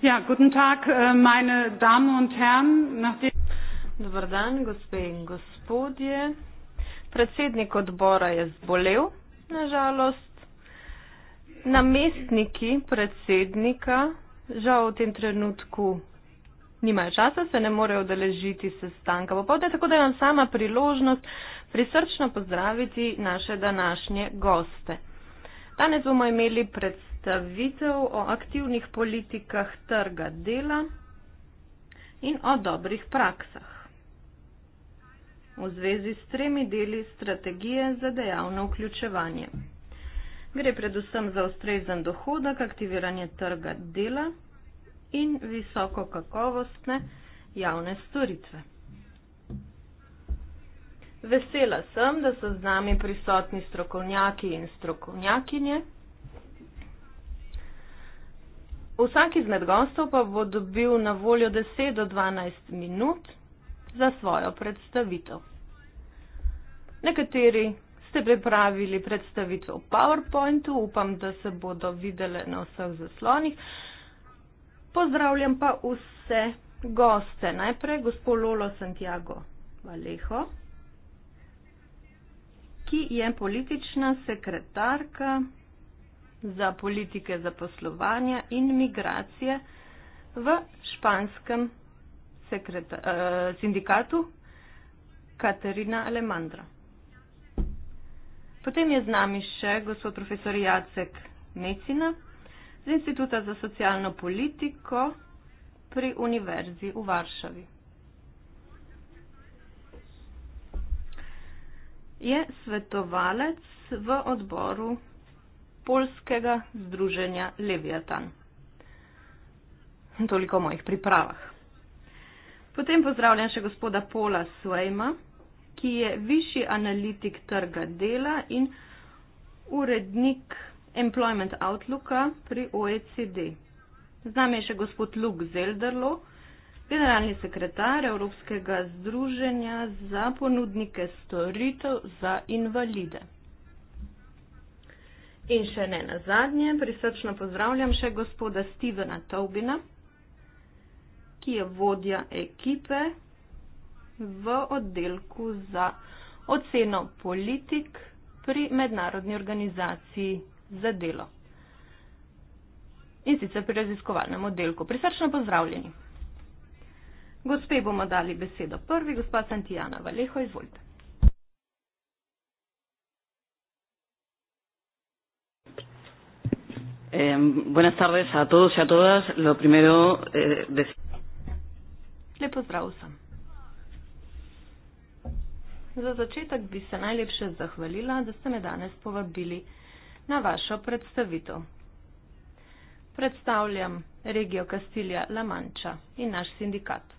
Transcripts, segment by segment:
Ja, guten Tag, äh, meine Damen und Herren. Nachdem Dobar dan, gospe in gospodje. Predsednik odbora je zbolel, na žalost. Namestniki predsednika žal v tem trenutku nimajo časa, se ne morejo deležiti sestanka. Popovdne, tako da imam sama priložnost prisrčno pozdraviti naše današnje goste. Danes bomo imeli predstavljanje predstavitev o aktivnih politikah trga dela in o dobrih praksah v zvezi s tremi deli strategije za dejavno vključevanje. Gre predvsem za ustrezen dohodek, aktiviranje trga dela in visoko kakovostne javne storitve. Vesela sem, da so z nami prisotni strokovnjaki in strokovnjakinje. Vsak izmed gostov pa bo dobil na voljo 10 do 12 minut za svojo predstavitev. Nekateri ste pripravili predstavitev v PowerPointu, upam, da se bodo videli na vseh zaslonih. Pozdravljam pa vse goste. Najprej gospod Lolo Santiago Valeho, ki je politična sekretarka za politike zaposlovanja in migracije v španskem sekreta, uh, sindikatu Katerina Alemandra. Potem je z nami še gospod profesor Jacek Mecina z Instituta za socialno politiko pri Univerzi v Varšavi. Je svetovalec v odboru polskega združenja Leviatan. Toliko o mojih pripravah. Potem pozdravljam še gospoda Pola Svejma, ki je višji analitik trga dela in urednik Employment Outlooka pri OECD. Z nami je še gospod Luke Zelderlo, generalni sekretar Evropskega združenja za ponudnike storitev za invalide. In še ne na zadnje, prisrčno pozdravljam še gospoda Stevena Tobina, ki je vodja ekipe v oddelku za oceno politik pri mednarodni organizaciji za delo. In sicer pri raziskovalnem oddelku. Prisrčno pozdravljeni. Gospe bomo dali besedo prvi, gospa Santijana Valeho, izvolite. Eh, buenas tardes a todos y a todas. Lo primero, eh, decir. Lepo zdravstvo. Za začetek bi se najlepše zahvalila, da ste me danes povabili na vašo predstavitev. Predstavljam regijo Kastilja La Manča in naš sindikat.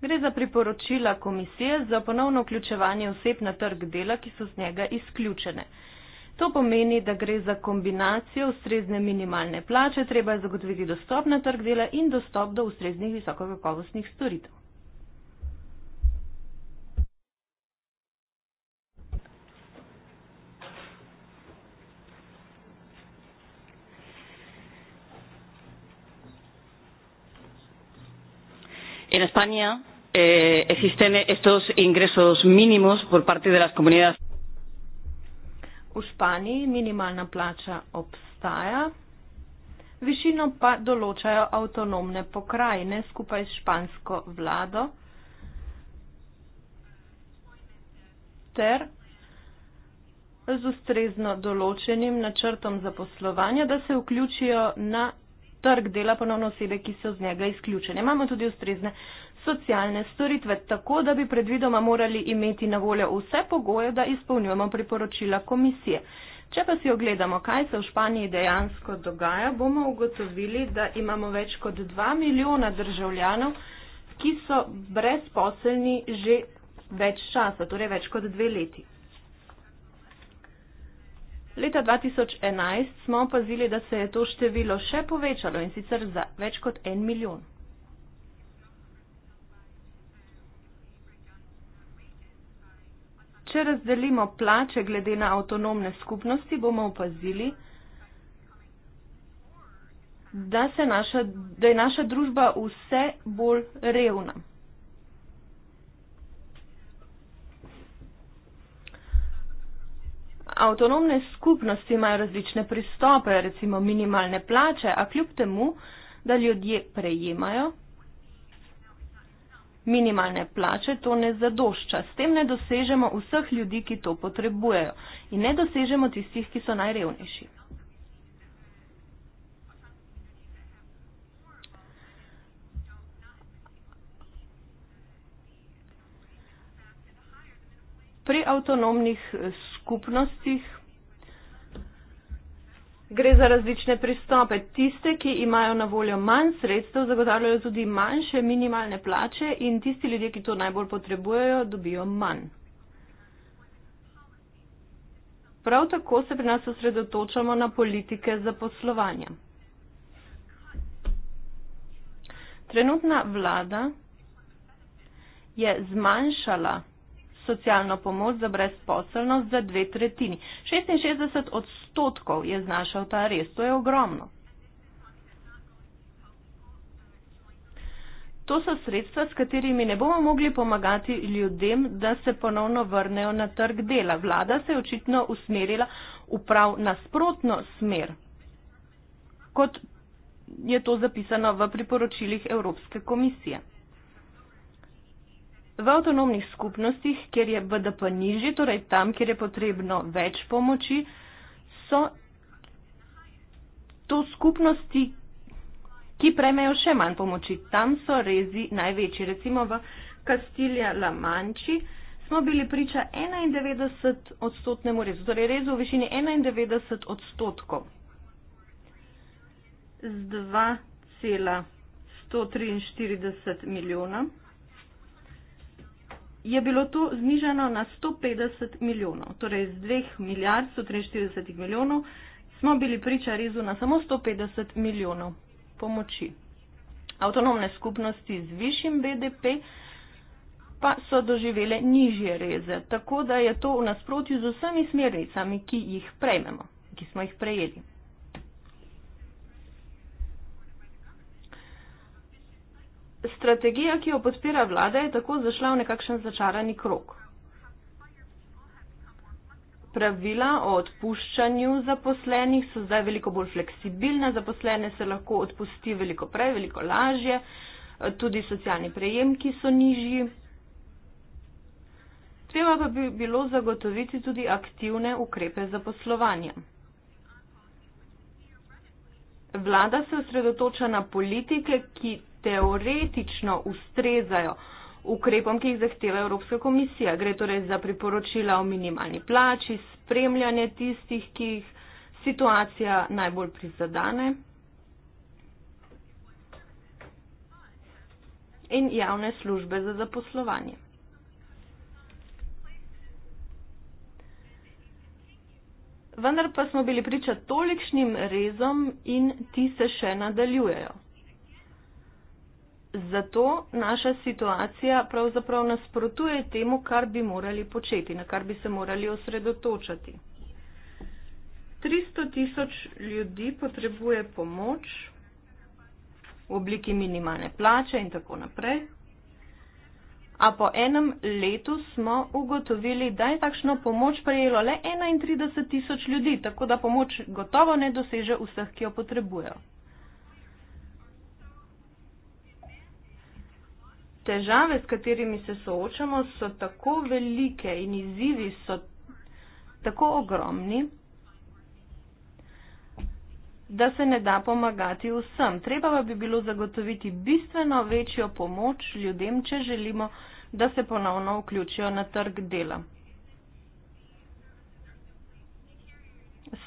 Gre za priporočila komisije za ponovno vključevanje oseb na trg dela, ki so z njega izključene. To pomeni, da gre za kombinacijo ustrezne minimalne plače, treba je zagotoviti dostop na trg dela in dostop do ustreznih visokokakovostnih storitev. In Espanja, eh, existen estos ingresos mínimos por parte de las comunidades. V Španiji minimalna plača obstaja, višino pa določajo avtonomne pokrajine skupaj s špansko vlado ter z ustrezno določenim načrtom zaposlovanja, da se vključijo na trg dela ponovno osebe, ki so z njega izključene. Imamo tudi ustrezne socialne storitve, tako da bi predvidoma morali imeti na voljo vse pogoje, da izpolnjujemo priporočila komisije. Če pa si ogledamo, kaj se v Španiji dejansko dogaja, bomo ugotovili, da imamo več kot 2 milijona državljanov, ki so brezposelni že več časa, torej več kot dve leti. Leta 2011 smo opazili, da se je to število še povečalo in sicer za več kot en milijon. Če razdelimo plače glede na avtonomne skupnosti, bomo opazili, da, naša, da je naša družba vse bolj revna. Avtonomne skupnosti imajo različne pristope, recimo minimalne plače, a kljub temu, da ljudje prejemajo minimalne plače to ne zadošča. S tem ne dosežemo vseh ljudi, ki to potrebujejo in ne dosežemo tistih, ki so najrevnejši. Pri avtonomnih eh, skupnostih gre za različne pristope. Tiste, ki imajo na voljo manj sredstev, zagotavljajo tudi manjše minimalne plače in tisti ljudje, ki to najbolj potrebujejo, dobijo manj. Prav tako se pri nas osredotočamo na politike zaposlovanja. Trenutna vlada je zmanjšala socialno pomoč za brezposelnost za dve tretjini. 66 odstotkov je znašal ta res, to je ogromno. To so sredstva, s katerimi ne bomo mogli pomagati ljudem, da se ponovno vrnejo na trg dela. Vlada se je očitno usmerila v prav nasprotno smer, kot je to zapisano v priporočilih Evropske komisije. V avtonomnih skupnostih, kjer je BDP nižji, torej tam, kjer je potrebno več pomoči, so to skupnosti, ki prejmejo še manj pomoči. Tam so rezi največji. Recimo v Kastilja La Manči smo bili priča 91 odstotnemu rezu, torej rezu v višini 91 odstotkov z 2,143 milijona je bilo to zniženo na 150 milijonov. Torej z 2 milijard 143 milijonov smo bili priča rezu na samo 150 milijonov pomoči. Avtonomne skupnosti z višjim BDP pa so doživele nižje reze, tako da je to v nasprotju z vsemi smernicami, ki jih prejmemo, ki smo jih prejeli. strategija, ki jo podpira vlada, je tako zašla v nekakšen začarani krok. Pravila o odpuščanju zaposlenih so zdaj veliko bolj fleksibilna, zaposlene se lahko odpusti veliko prej, veliko lažje, tudi socialni prejemki so nižji. Treba pa bi bilo zagotoviti tudi aktivne ukrepe za poslovanje. Vlada se osredotoča na politike, ki teoretično ustrezajo ukrepom, ki jih zahteva Evropska komisija. Gre torej za priporočila o minimalni plači, spremljanje tistih, ki jih situacija najbolj prizadane in javne službe za zaposlovanje. Vendar pa smo bili priča tolikšnim rezom in ti se še nadaljujejo zato naša situacija pravzaprav nasprotuje temu, kar bi morali početi, na kar bi se morali osredotočati. 300 tisoč ljudi potrebuje pomoč v obliki minimalne plače in tako naprej. A po enem letu smo ugotovili, da je takšno pomoč prejelo le 31 tisoč ljudi, tako da pomoč gotovo ne doseže vseh, ki jo potrebujejo. težave, s katerimi se soočamo, so tako velike in izzivi so tako ogromni, da se ne da pomagati vsem. Treba pa bi bilo zagotoviti bistveno večjo pomoč ljudem, če želimo, da se ponovno vključijo na trg dela.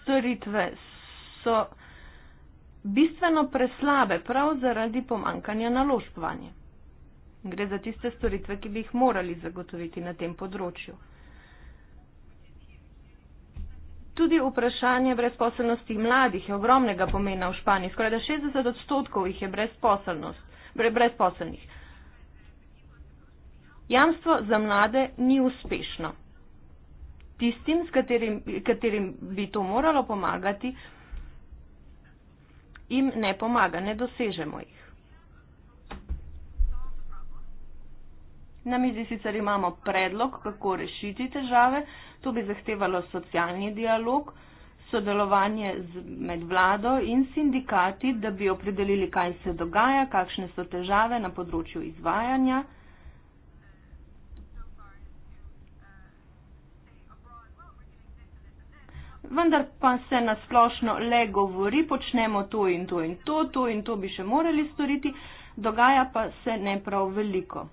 Storitve so bistveno preslabe prav zaradi pomankanja naložbanja. Gre za tiste storitve, ki bi jih morali zagotoviti na tem področju. Tudi vprašanje brezposelnosti mladih je ogromnega pomena v Španiji. Skoraj da 60 odstotkov jih je bre, brezposelnih. Jamstvo za mlade ni uspešno. Tistim, s katerim, katerim bi to moralo pomagati, jim ne pomaga, ne dosežemo jih. Na mizi sicer imamo predlog, kako rešiti težave, to bi zahtevalo socialni dialog, sodelovanje z, med vlado in sindikati, da bi opredelili, kaj se dogaja, kakšne so težave na področju izvajanja. Vendar pa se nasplošno le govori, počnemo to in to in to, to in to bi še morali storiti, dogaja pa se ne prav veliko.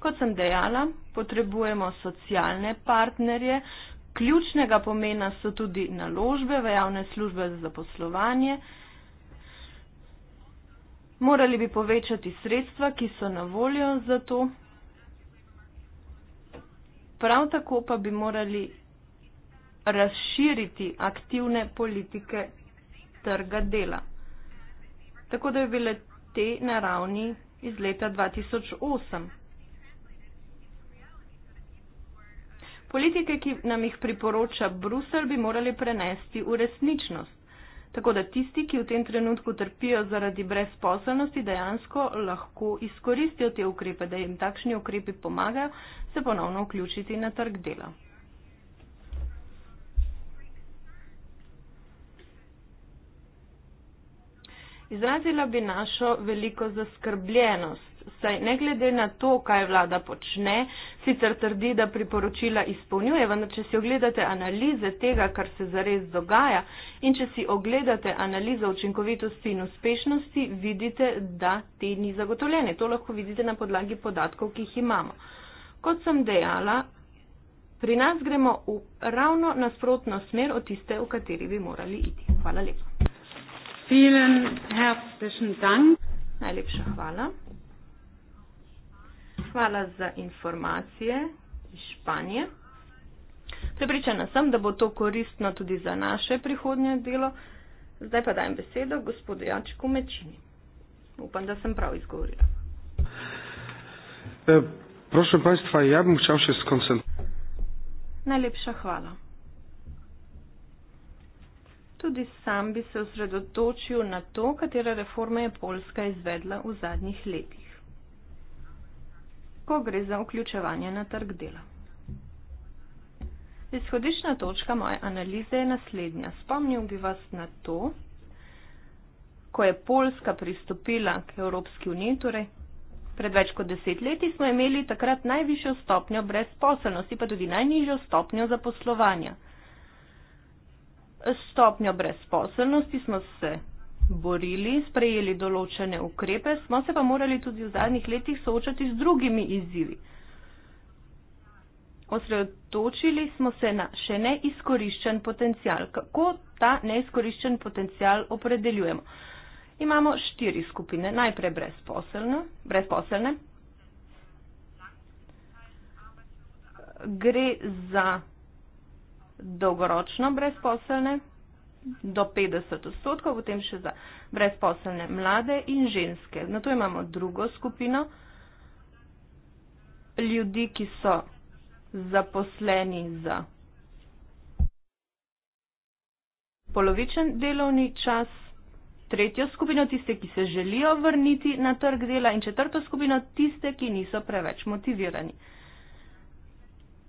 Kot sem dejala, potrebujemo socialne partnerje, ključnega pomena so tudi naložbe v javne službe za zaposlovanje. Morali bi povečati sredstva, ki so na voljo za to. Prav tako pa bi morali razširiti aktivne politike trga dela. Tako da je bile te na ravni iz leta 2008. Politike, ki nam jih priporoča Brusel, bi morali prenesti v resničnost, tako da tisti, ki v tem trenutku trpijo zaradi brezposelnosti, dejansko lahko izkoristijo te ukrepe, da jim takšni ukrepi pomagajo se ponovno vključiti na trg dela. Izrazila bi našo veliko zaskrbljenost, saj ne glede na to, kaj vlada počne, sicer trdi, da priporočila izpolnjuje, vendar če si ogledate analize tega, kar se zares dogaja in če si ogledate analizo učinkovitosti in uspešnosti, vidite, da te ni zagotovljene. To lahko vidite na podlagi podatkov, ki jih imamo. Kot sem dejala, pri nas gremo v ravno nasprotno smer od tiste, v kateri bi morali iti. Hvala lepa. Vielen herzlichen Dank. Najlepša hvala hvala za informacije iz Španije. Prepričana sem, da bo to koristno tudi za naše prihodnje delo. Zdaj pa dajem besedo gospodu Jačku Mečini. Upam, da sem prav izgovorila. E, eh, prosim, Państwa, ja bom šel še s koncem. Najlepša hvala. Tudi sam bi se osredotočil na to, katere reforme je Poljska izvedla v zadnjih letih ko gre za vključevanje na trg dela. Izhodišna točka moje analize je naslednja. Spomnil bi vas na to, ko je Poljska pristopila k Evropski uniji, torej pred več kot deset leti smo imeli takrat najvišjo stopnjo brezposelnosti, pa tudi najnižjo stopnjo zaposlovanja. Stopnjo brezposelnosti smo se borili, sprejeli določene ukrepe, smo se pa morali tudi v zadnjih letih soočati z drugimi izzivi. Osredotočili smo se na še neizkoriščen potencial. Kako ta neizkoriščen potencial opredeljujemo? Imamo štiri skupine. Najprej brezposelne. brezposelne. Gre za dolgoročno brezposelne do 50 odstotkov, potem še za brezposelne mlade in ženske. Na to imamo drugo skupino ljudi, ki so zaposleni za polovičen delovni čas, tretjo skupino tiste, ki se želijo vrniti na trg dela in četrto skupino tiste, ki niso preveč motivirani.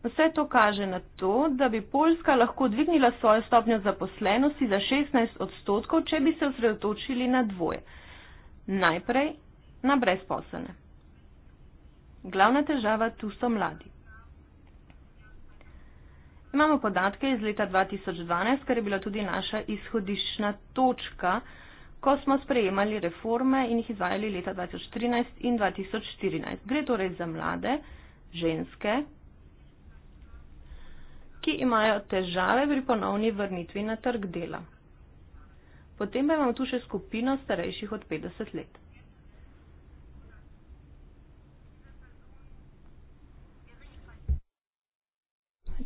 Vse to kaže na to, da bi Poljska lahko dvignila svojo stopnjo zaposlenosti za 16 odstotkov, če bi se osredotočili na dvoje. Najprej na brezposlene. Glavna težava tu so mladi. Imamo podatke iz leta 2012, kar je bila tudi naša izhodišna točka, ko smo sprejemali reforme in jih izvajali leta 2013 in 2014. Gre torej za mlade, ženske, ki imajo težave pri ponovni vrnitvi na trg dela. Potem pa imamo tu še skupino starejših od 50 let.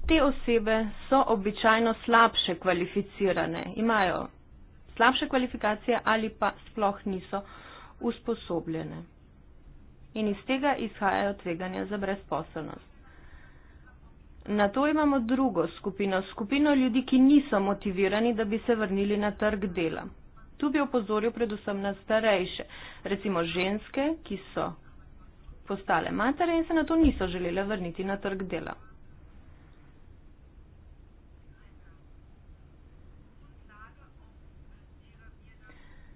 Te osebe so običajno slabše kvalificirane, imajo slabše kvalifikacije ali pa sploh niso usposobljene. In iz tega izhajajo tveganja za brezposobnost. Na to imamo drugo skupino, skupino ljudi, ki niso motivirani, da bi se vrnili na trg dela. Tu bi opozoril predvsem na starejše, recimo ženske, ki so postale matere in se na to niso želele vrniti na trg dela.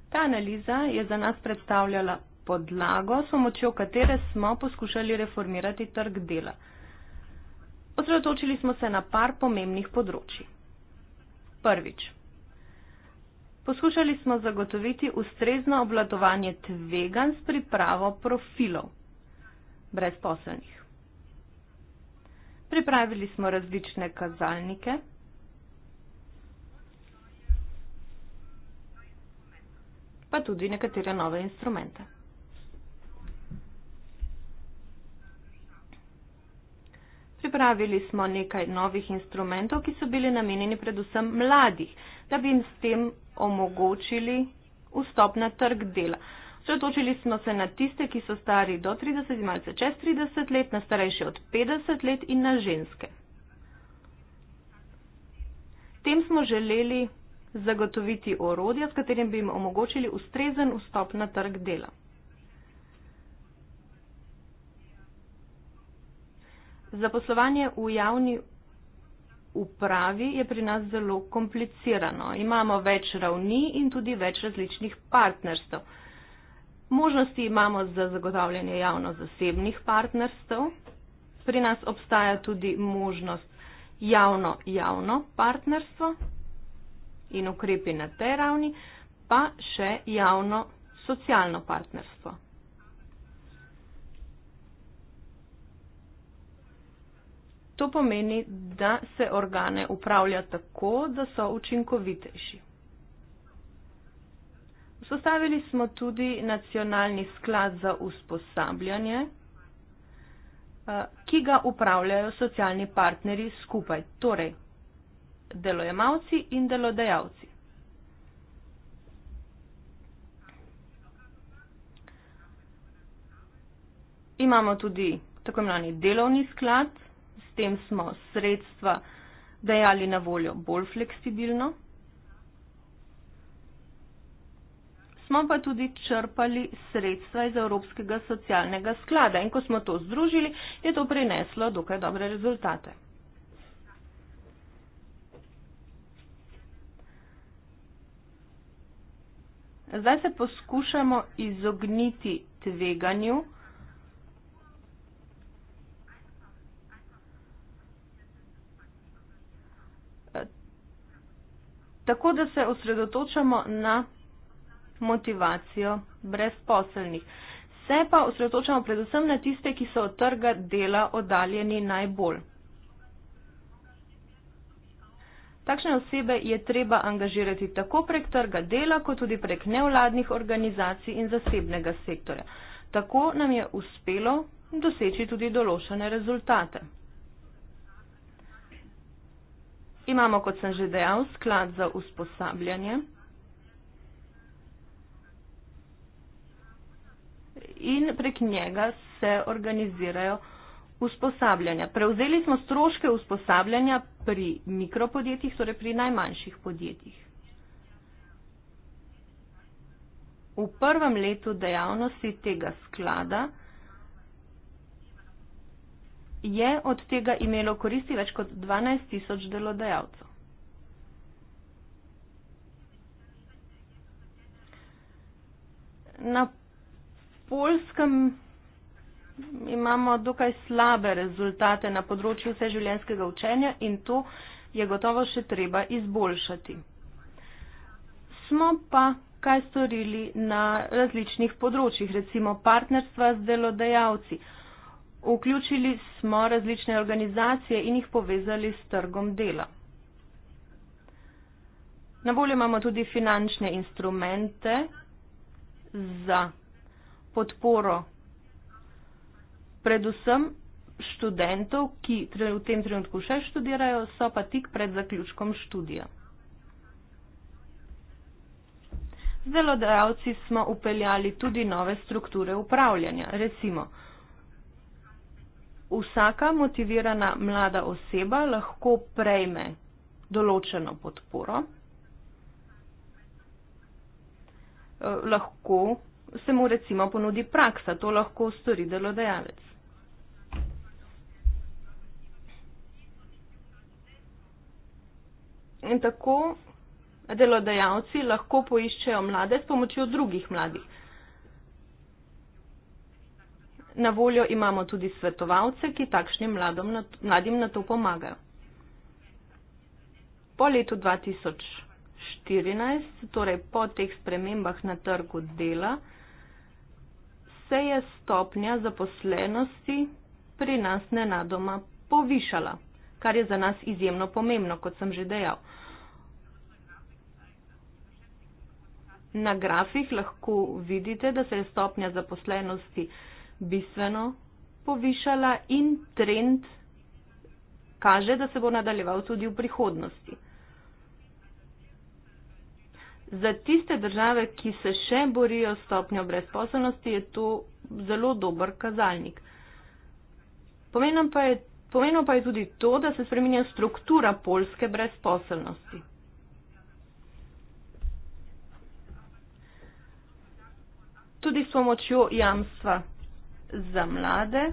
Ta analiza je za nas predstavljala podlago, s pomočjo katere smo poskušali reformirati trg dela. Osredotočili smo se na par pomembnih področji. Prvič. Poskušali smo zagotoviti ustrezno obladovanje tvegan s pripravo profilov brezposelnih. Pripravili smo različne kazalnike. pa tudi nekatere nove instrumente. pripravili smo nekaj novih instrumentov, ki so bili namenjeni predvsem mladih, da bi jim s tem omogočili vstop na trg dela. Sredotočili smo se na tiste, ki so stari do 30 in malce čez 30 let, na starejše od 50 let in na ženske. Tem smo želeli zagotoviti orodja, s katerim bi jim omogočili ustrezen vstop na trg dela. Zaposlovanje v javni upravi je pri nas zelo komplicirano. Imamo več ravni in tudi več različnih partnerstv. Možnosti imamo za zagotavljanje javno-zasebnih partnerstv. Pri nas obstaja tudi možnost javno-javno partnerstvo in ukrepi na tej ravni, pa še javno-socialno partnerstvo. To pomeni, da se organe upravlja tako, da so učinkovitejši. Vzpostavili smo tudi nacionalni sklad za usposabljanje, eh, ki ga upravljajo socialni partneri skupaj, torej delojemalci in delodajalci. Imamo tudi tako imenovani delovni sklad, tem smo sredstva dajali na voljo bolj fleksibilno. Smo pa tudi črpali sredstva iz Evropskega socialnega sklada in ko smo to združili, je to prineslo dokaj dobre rezultate. Zdaj se poskušamo izogniti tveganju, tako da se osredotočamo na motivacijo brezposelnih. Se pa osredotočamo predvsem na tiste, ki so od trga dela oddaljeni najbolj. Takšne osebe je treba angažirati tako prek trga dela, kot tudi prek nevladnih organizacij in zasebnega sektorja. Tako nam je uspelo doseči tudi določene rezultate. Imamo, kot sem že dejal, sklad za usposabljanje in prek njega se organizirajo usposabljanja. Prevzeli smo stroške usposabljanja pri mikropodjetjih, torej pri najmanjših podjetjih. V prvem letu dejavnosti tega sklada je od tega imelo koristi več kot 12 tisoč delodajalcev. Na polskem imamo dokaj slabe rezultate na področju vseživljenjskega učenja in to je gotovo še treba izboljšati. Smo pa kaj storili na različnih področjih, recimo partnerstva z delodajalci. Vključili smo različne organizacije in jih povezali s trgom dela. Na voljo imamo tudi finančne instrumente za podporo predvsem študentov, ki v tem trenutku še študirajo, so pa tik pred zaključkom študija. Zelo dajalci smo upeljali tudi nove strukture upravljanja. Recimo, vsaka motivirana mlada oseba lahko prejme določeno podporo. Eh, lahko se mu recimo ponudi praksa, to lahko stori delodajalec. In tako delodajalci lahko poiščejo mlade s pomočjo drugih mladih na voljo imamo tudi svetovalce, ki takšnim mladim na to pomagajo. Po letu 2014, torej po teh spremembah na trgu dela, se je stopnja zaposlenosti pri nas nenadoma povišala, kar je za nas izjemno pomembno, kot sem že dejal. Na grafih lahko vidite, da se je stopnja zaposlenosti bistveno povišala in trend kaže, da se bo nadaljeval tudi v prihodnosti. Za tiste države, ki se še borijo s stopnjo brezposelnosti, je to zelo dober kazalnik. Pomenem pa je. Pomenilo pa je tudi to, da se spremenja struktura polske brezposelnosti. Tudi s pomočjo jamstva za mlade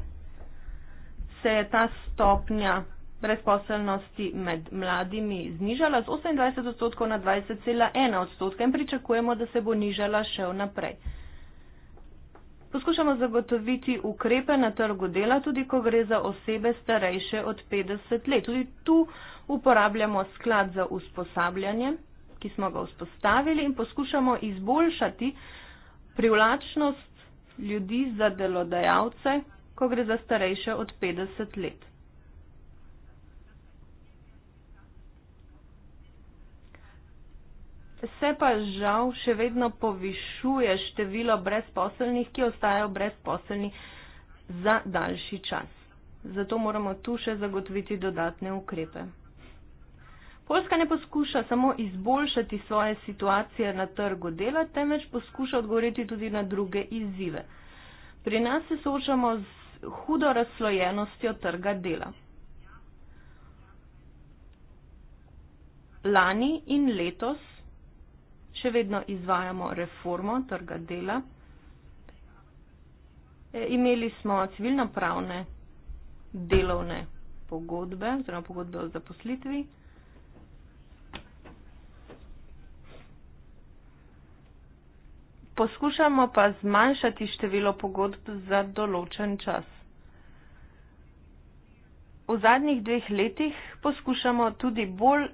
se je ta stopnja brezposelnosti med mladimi znižala z 28 odstotkov na 20,1 odstotka in pričakujemo, da se bo nižala še naprej. Poskušamo zagotoviti ukrepe na trgu dela, tudi ko gre za osebe starejše od 50 let. Tudi tu uporabljamo sklad za usposabljanje, ki smo ga vzpostavili in poskušamo izboljšati privlačnost ljudi za delodajalce, ko gre za starejše od 50 let. Se pa žal še vedno povišuje število brezposelnih, ki ostajajo brezposelni za daljši čas. Zato moramo tu še zagotoviti dodatne ukrepe. Poljska ne poskuša samo izboljšati svoje situacije na trgu dela, temveč poskuša odgovoriti tudi na druge izzive. Pri nas se soočamo z hudo razslojenostjo trga dela. Lani in letos še vedno izvajamo reformo trga dela. E, imeli smo civilno pravne delovne pogodbe oziroma pogodbe o zaposlitvi. poskušamo pa zmanjšati število pogodb za določen čas. V zadnjih dveh letih poskušamo tudi bolj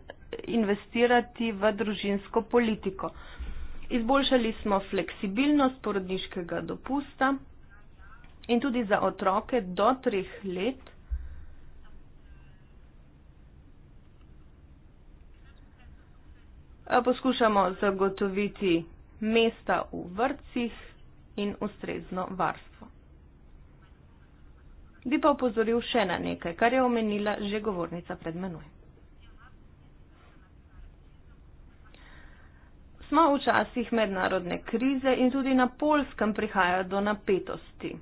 investirati v družinsko politiko. Izboljšali smo fleksibilnost porodniškega dopusta in tudi za otroke do treh let. Poskušamo zagotoviti mesta v vrtcih in ustrezno varstvo. Bi pa upozoril še na nekaj, kar je omenila že govornica pred menoj. Smo v časih mednarodne krize in tudi na polskem prihaja do napetosti.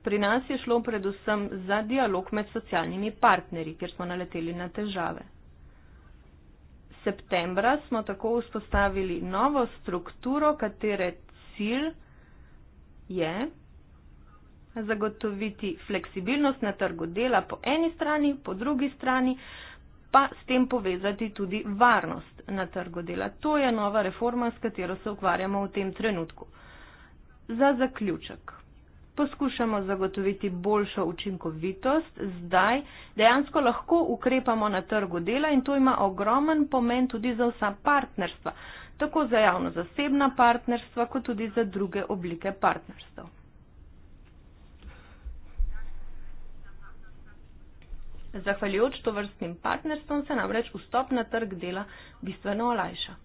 Pri nas je šlo predvsem za dialog med socialnimi partnerji, kjer smo naleteli na težave septembra smo tako vzpostavili novo strukturo, katere cilj je zagotoviti fleksibilnost na trgu dela po eni strani, po drugi strani pa s tem povezati tudi varnost na trgu dela. To je nova reforma, s katero se ukvarjamo v tem trenutku. Za zaključek poskušamo zagotoviti boljšo učinkovitost, zdaj dejansko lahko ukrepamo na trgu dela in to ima ogromen pomen tudi za vsa partnerstva, tako za javno-zasebna partnerstva, kot tudi za druge oblike partnerstva. Zahvaljujoč to vrstnim partnerstvom se namreč vstop na trg dela bistveno olajša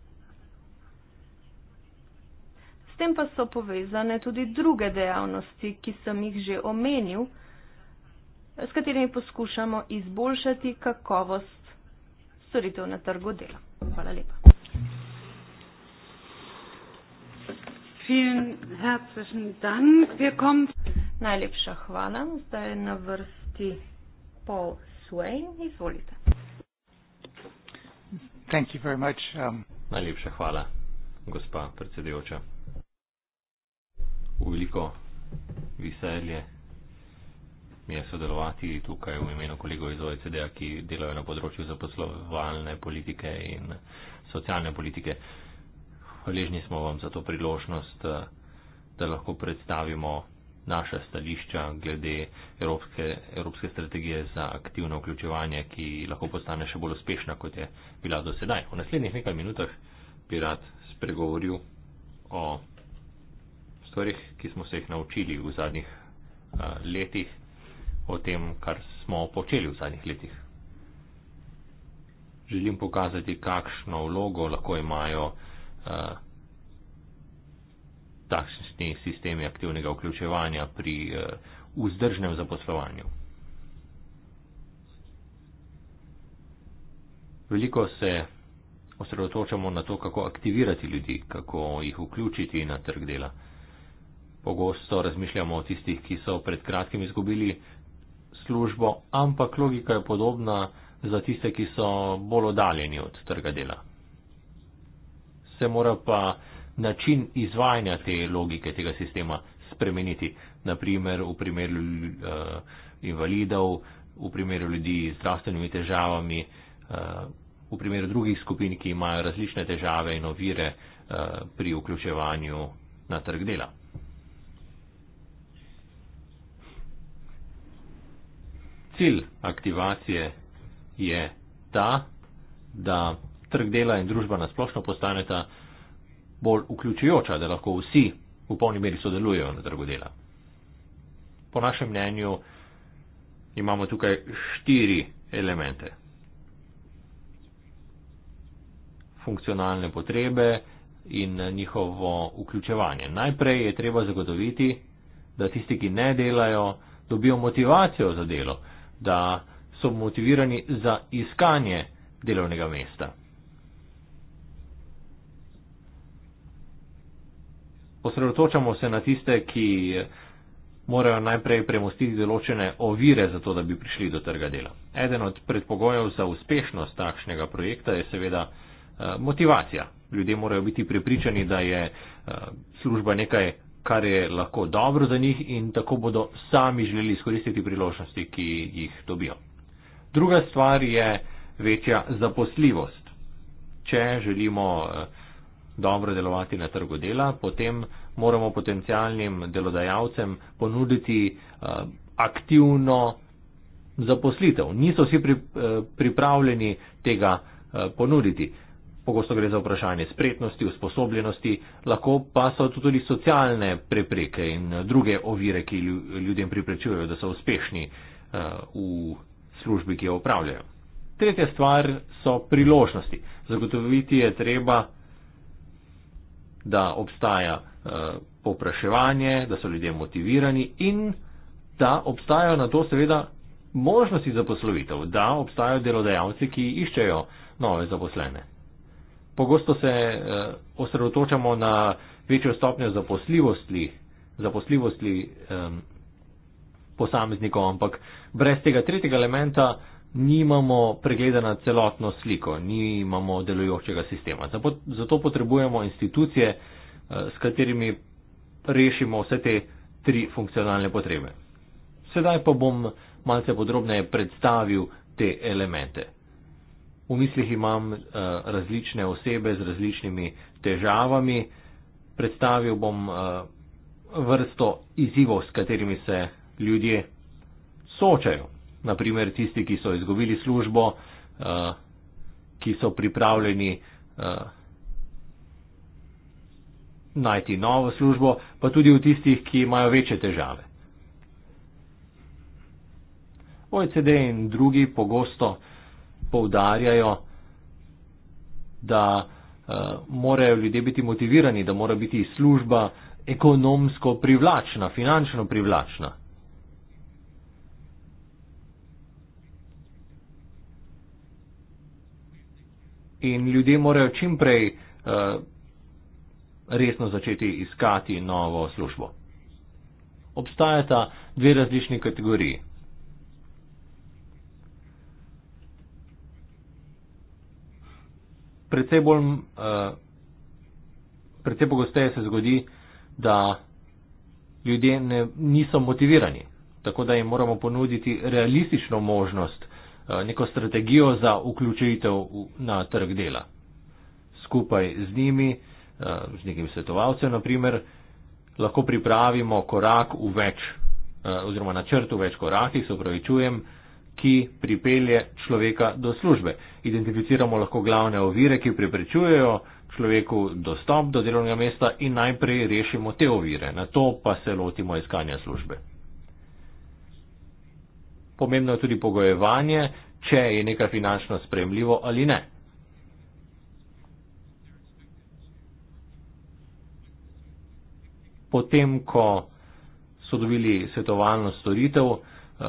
tem pa so povezane tudi druge dejavnosti, ki sem jih že omenil, s katerimi poskušamo izboljšati kakovost storitev na trgu dela. Hvala lepa. Najlepša hvala. Zdaj je na vrsti Paul Swain. Izvolite. Thank you very much. Um... Najlepša hvala, gospa predsedujoča v veliko veselje mi je sodelovati tukaj v imenu kolegov iz OECD-a, ki delajo na področju zaposlovalne politike in socialne politike. Hvaležni smo vam za to priložnost, da lahko predstavimo naše stališča glede evropske, evropske strategije za aktivno vključevanje, ki lahko postane še bolj uspešna, kot je bila do sedaj. V naslednjih nekaj minutah bi rad spregovoril o stvarih, ki smo se jih naučili v zadnjih letih, o tem, kar smo počeli v zadnjih letih. Želim pokazati, kakšno vlogo lahko imajo takšni sistemi aktivnega vključevanja pri vzdržnem zaposlovanju. Veliko se osredotočamo na to, kako aktivirati ljudi, kako jih vključiti na trg dela pogosto razmišljamo o tistih, ki so pred kratkim izgubili službo, ampak logika je podobna za tiste, ki so bolj odaljeni od trga dela. Se mora pa način izvajanja te logike, tega sistema spremeniti. Naprimer v primeru uh, invalidov, v primeru ljudi z zdravstvenimi težavami, uh, v primeru drugih skupin, ki imajo različne težave in ovire uh, pri vključevanju na trg dela. cilj aktivacije je ta, da trg dela in družba nasplošno postaneta bolj vključujoča, da lahko vsi v polni meri sodelujejo na trgu dela. Po našem mnenju imamo tukaj štiri elemente. Funkcionalne potrebe in njihovo vključevanje. Najprej je treba zagotoviti, da tisti, ki ne delajo, dobijo motivacijo za delo da so motivirani za iskanje delovnega mesta. Osredotočamo se na tiste, ki morajo najprej premostiti določene ovire za to, da bi prišli do trga dela. Eden od predpogojev za uspešnost takšnega projekta je seveda eh, motivacija. Ljudje morajo biti prepričani, da je eh, služba nekaj kar je lahko dobro za njih in tako bodo sami želeli izkoristiti priložnosti, ki jih dobijo. Druga stvar je večja zaposljivost. Če želimo eh, dobro delovati na trgu dela, potem moramo potencijalnim delodajalcem ponuditi eh, aktivno zaposlitev. Niso vsi eh, pripravljeni tega ponuditi. Pogosto gre za vprašanje spretnosti, usposobljenosti, lahko pa so tu tudi socialne prepreke in druge ovire, ki ljudem priprečujejo, da so uspešni eh, v službi, ki jo upravljajo. Tretja stvar so priložnosti. Zagotoviti je treba, da obstaja eh, popraševanje, da so ljudje motivirani in da obstajajo na to seveda možnosti za poslovitev, da obstajajo delodajalci, ki iščejo nove zaposlene pogosto se eh, osredotočamo na večjo stopnjo zaposljivosti, zaposljivosti eh, posameznikov, ampak brez tega tretjega elementa nimamo pregleda na celotno sliko, nimamo delujočega sistema. Zato potrebujemo institucije, eh, s katerimi rešimo vse te tri funkcionalne potrebe. Sedaj pa bom malce podrobneje predstavil te elemente. V mislih imam eh, različne osebe z različnimi težavami. Predstavil bom eh, vrsto izzivov, s katerimi se ljudje soočajo. Naprimer tisti, ki so izgubili službo, eh, ki so pripravljeni najti novo službo, pa tudi v tistih, ki imajo večje težave. OECD in drugi pogosto poudarjajo, da uh, morajo ljudje biti motivirani, da mora biti služba ekonomsko privlačna, finančno privlačna. In ljudje morajo čimprej uh, eh, resno začeti iskati novo službo. Obstajata dve različni kategoriji. precej bolj, eh, precej pogosteje se zgodi, da ljudje ne, niso motivirani. Tako da jim moramo ponuditi realistično možnost, eh, neko strategijo za vključitev na trg dela. Skupaj z njimi, eh, z nekim svetovalcem, naprimer, lahko pripravimo korak v več, oziroma načrt v več korakih, se upravičujem, ki pripelje človeka do službe. Identificiramo lahko glavne ovire, ki preprečujejo človeku dostop do delovnega mesta in najprej rešimo te ovire, na to pa se lotimo iskanja službe. Pomembno je tudi pogojevanje, če je nekaj finančno spremljivo ali ne. Potem, ko so dobili svetovalno storitev, eh,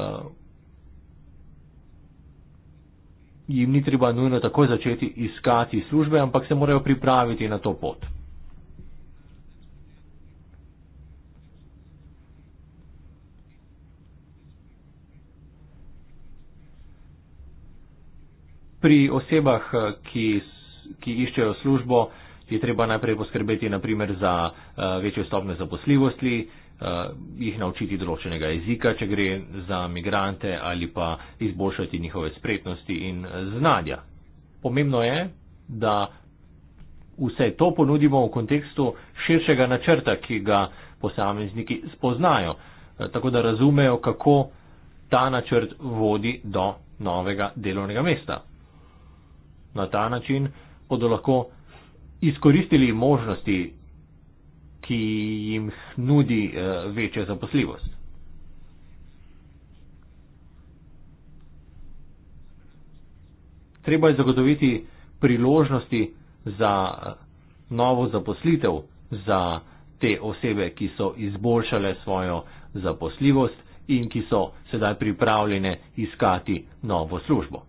jim ni treba nujno takoj začeti iskati službe, ampak se morajo pripraviti na to pot. Pri osebah, ki, ki iščejo službo, je treba najprej poskrbeti naprimer za uh, večjo stopnjo zaposljivosti, uh, uh, jih naučiti določenega jezika, če gre za migrante, ali pa izboljšati njihove spretnosti in eh, znanja. Pomembno je, da vse to ponudimo v kontekstu širšega načrta, ki ga posamezniki spoznajo, eh, tako da razumejo, kako ta načrt vodi do novega delovnega mesta. Na ta način bodo lahko izkoristili možnosti ki jim nudi eh, večjo zaposljivost. Treba je zagotoviti priložnosti za eh, novo zaposlitev za te osebe, ki so izboljšale svojo zaposljivost in ki so sedaj pripravljene iskati novo službo.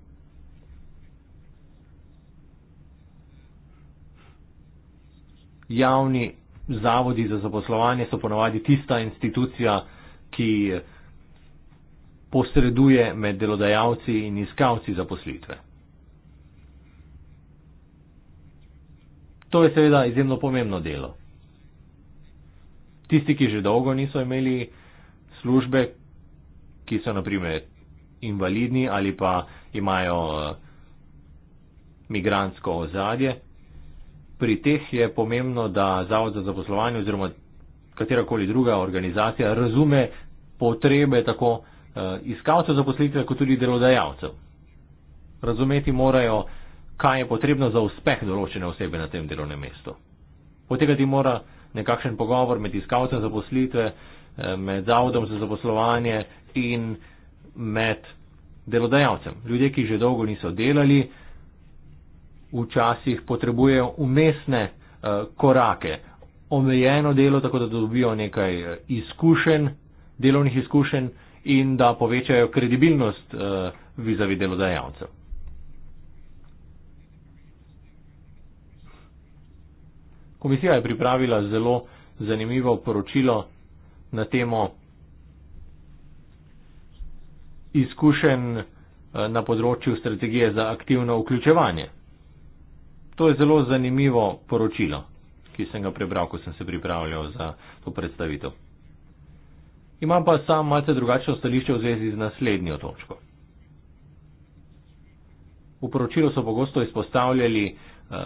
Javni zavodi za zaposlovanje so ponavadi tista institucija, ki posreduje med delodajalci in iskalci zaposlitve. To je seveda izjemno pomembno delo. Tisti, ki že dolgo niso imeli službe, ki so naprimer invalidni ali pa imajo eh, migransko ozadje, pri teh je pomembno, da Zavod za zaposlovanje oziroma katerakoli druga organizacija razume potrebe tako eh, iskalcev zaposlitve, kot tudi delodajalcev. Razumeti morajo, kaj je potrebno za uspeh določene osebe na tem delovnem mestu. Potegati mora nekakšen pogovor med iskalcem zaposlitve, eh, med Zavodom za zaposlovanje in med delodajalcem. Ljudje, ki že dolgo niso delali, včasih potrebujejo umestne eh, korake, omejeno delo, tako da dobijo nekaj eh, izkušen, delovnih izkušenj in da povečajo kredibilnost eh, vizavi delodajalcev. Komisija je pripravila zelo zanimivo poročilo na temo izkušenj na področju strategije za aktivno vključevanje. To je zelo zanimivo poročilo, ki sem ga prebral, ko sem se pripravljal za to predstavitev. Imam pa sam malce drugačno stališče v zvezi z naslednjo točko. V poročilu so pogosto izpostavljali uh,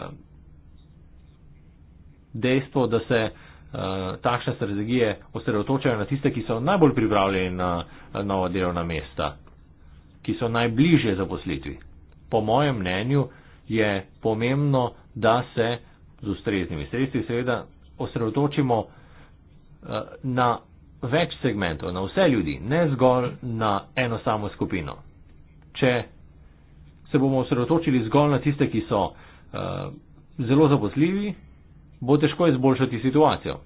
dejstvo, da se uh, takšne strategije osredotočajo na tiste, ki so najbolj pripravljeni na uh, nova delovna mesta, ki so najbliže zaposlitvi. Po mojem mnenju, je pomembno, da se z ustreznimi sredstvi seveda osredotočimo eh, na več segmentov, na vse ljudi, ne zgolj na eno samo skupino. Če se bomo osredotočili zgolj na tiste, ki so eh, zelo zaposljivi, bo težko izboljšati situacijo.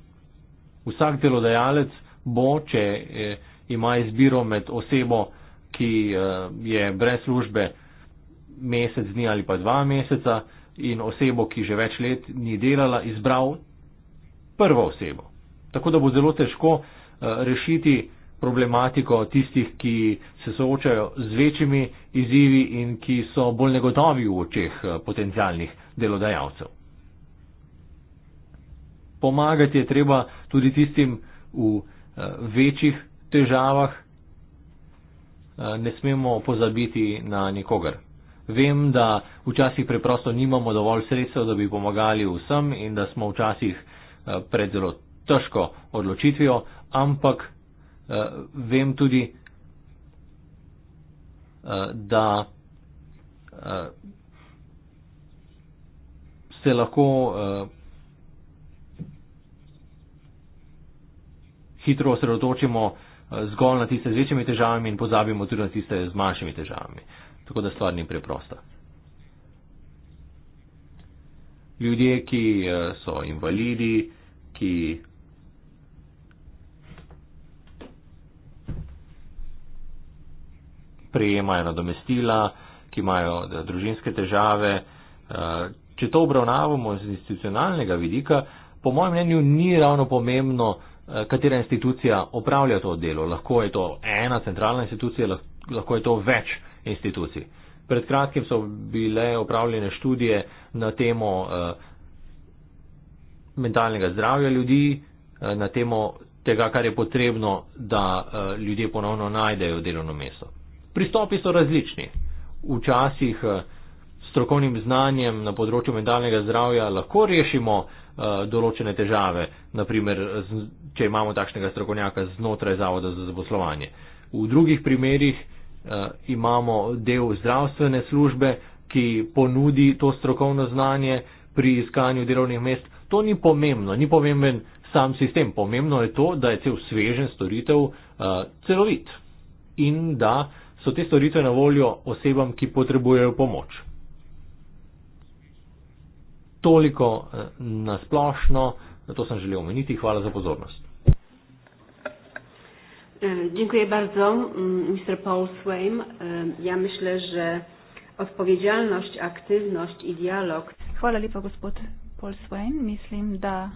Vsak delodajalec bo, če eh, ima izbiro med osebo, ki je brez službe, mesec dni ali pa dva meseca in osebo, ki že več let ni delala, izbral prvo osebo. Tako da bo zelo težko eh, rešiti problematiko tistih, ki se soočajo z večjimi izzivi in ki so bolj negotovi v očeh eh, potencijalnih delodajalcev. Pomagati je treba tudi tistim v eh, večjih težavah. Ne smemo pozabiti na nikogar. Vem, da včasih preprosto nimamo dovolj sredstev, da bi pomagali vsem in da smo včasih eh, pred zelo težko odločitvijo, ampak eh, vem tudi, eh, da se lahko hitro osredotočimo zgolj na tiste z večjimi težavami in pozabimo tudi na tiste z manjšimi težavami tako da stvar ni preprosta. Ljudje, ki eh, so invalidi, ki prejemajo nadomestila, ki imajo eh, družinske težave, eh, če to obravnavamo z institucionalnega vidika, po mojem mnenju ni ravno pomembno, katera institucija opravlja to delo. Lahko je to ena centralna institucija, lahko je to več institucij. Pred kratkim so bile opravljene študije na temo uh, mentalnega zdravja ljudi, uh, na temo tega, kar je potrebno, da uh, ljudje ponovno najdejo delovno mesto. Pristopi so različni. Včasih uh, strokovnim znanjem na področju mentalnega zdravja lahko rešimo uh, določene težave, naprimer, z, če imamo takšnega strokovnjaka znotraj zavoda za zaposlovanje. V drugih primerjih Eh, imamo del zdravstvene službe, ki ponudi to strokovno znanje pri iskanju delovnih mest. To ni pomembno, ni pomemben sam sistem. Pomembno je to, da je cel svežen storitev eh, celovit in da so te storitve na voljo osebam, ki potrebujejo pomoč. Toliko eh, nasplošno, zato sem želel omeniti, hvala za pozornost. E, dziękuję bardzo, Mr. Mm, Paul Swaim. E, ja myślę, że odpowiedzialność, aktywność i dialog. Chwala lipa, gospod Paul Swaim. Myślę, da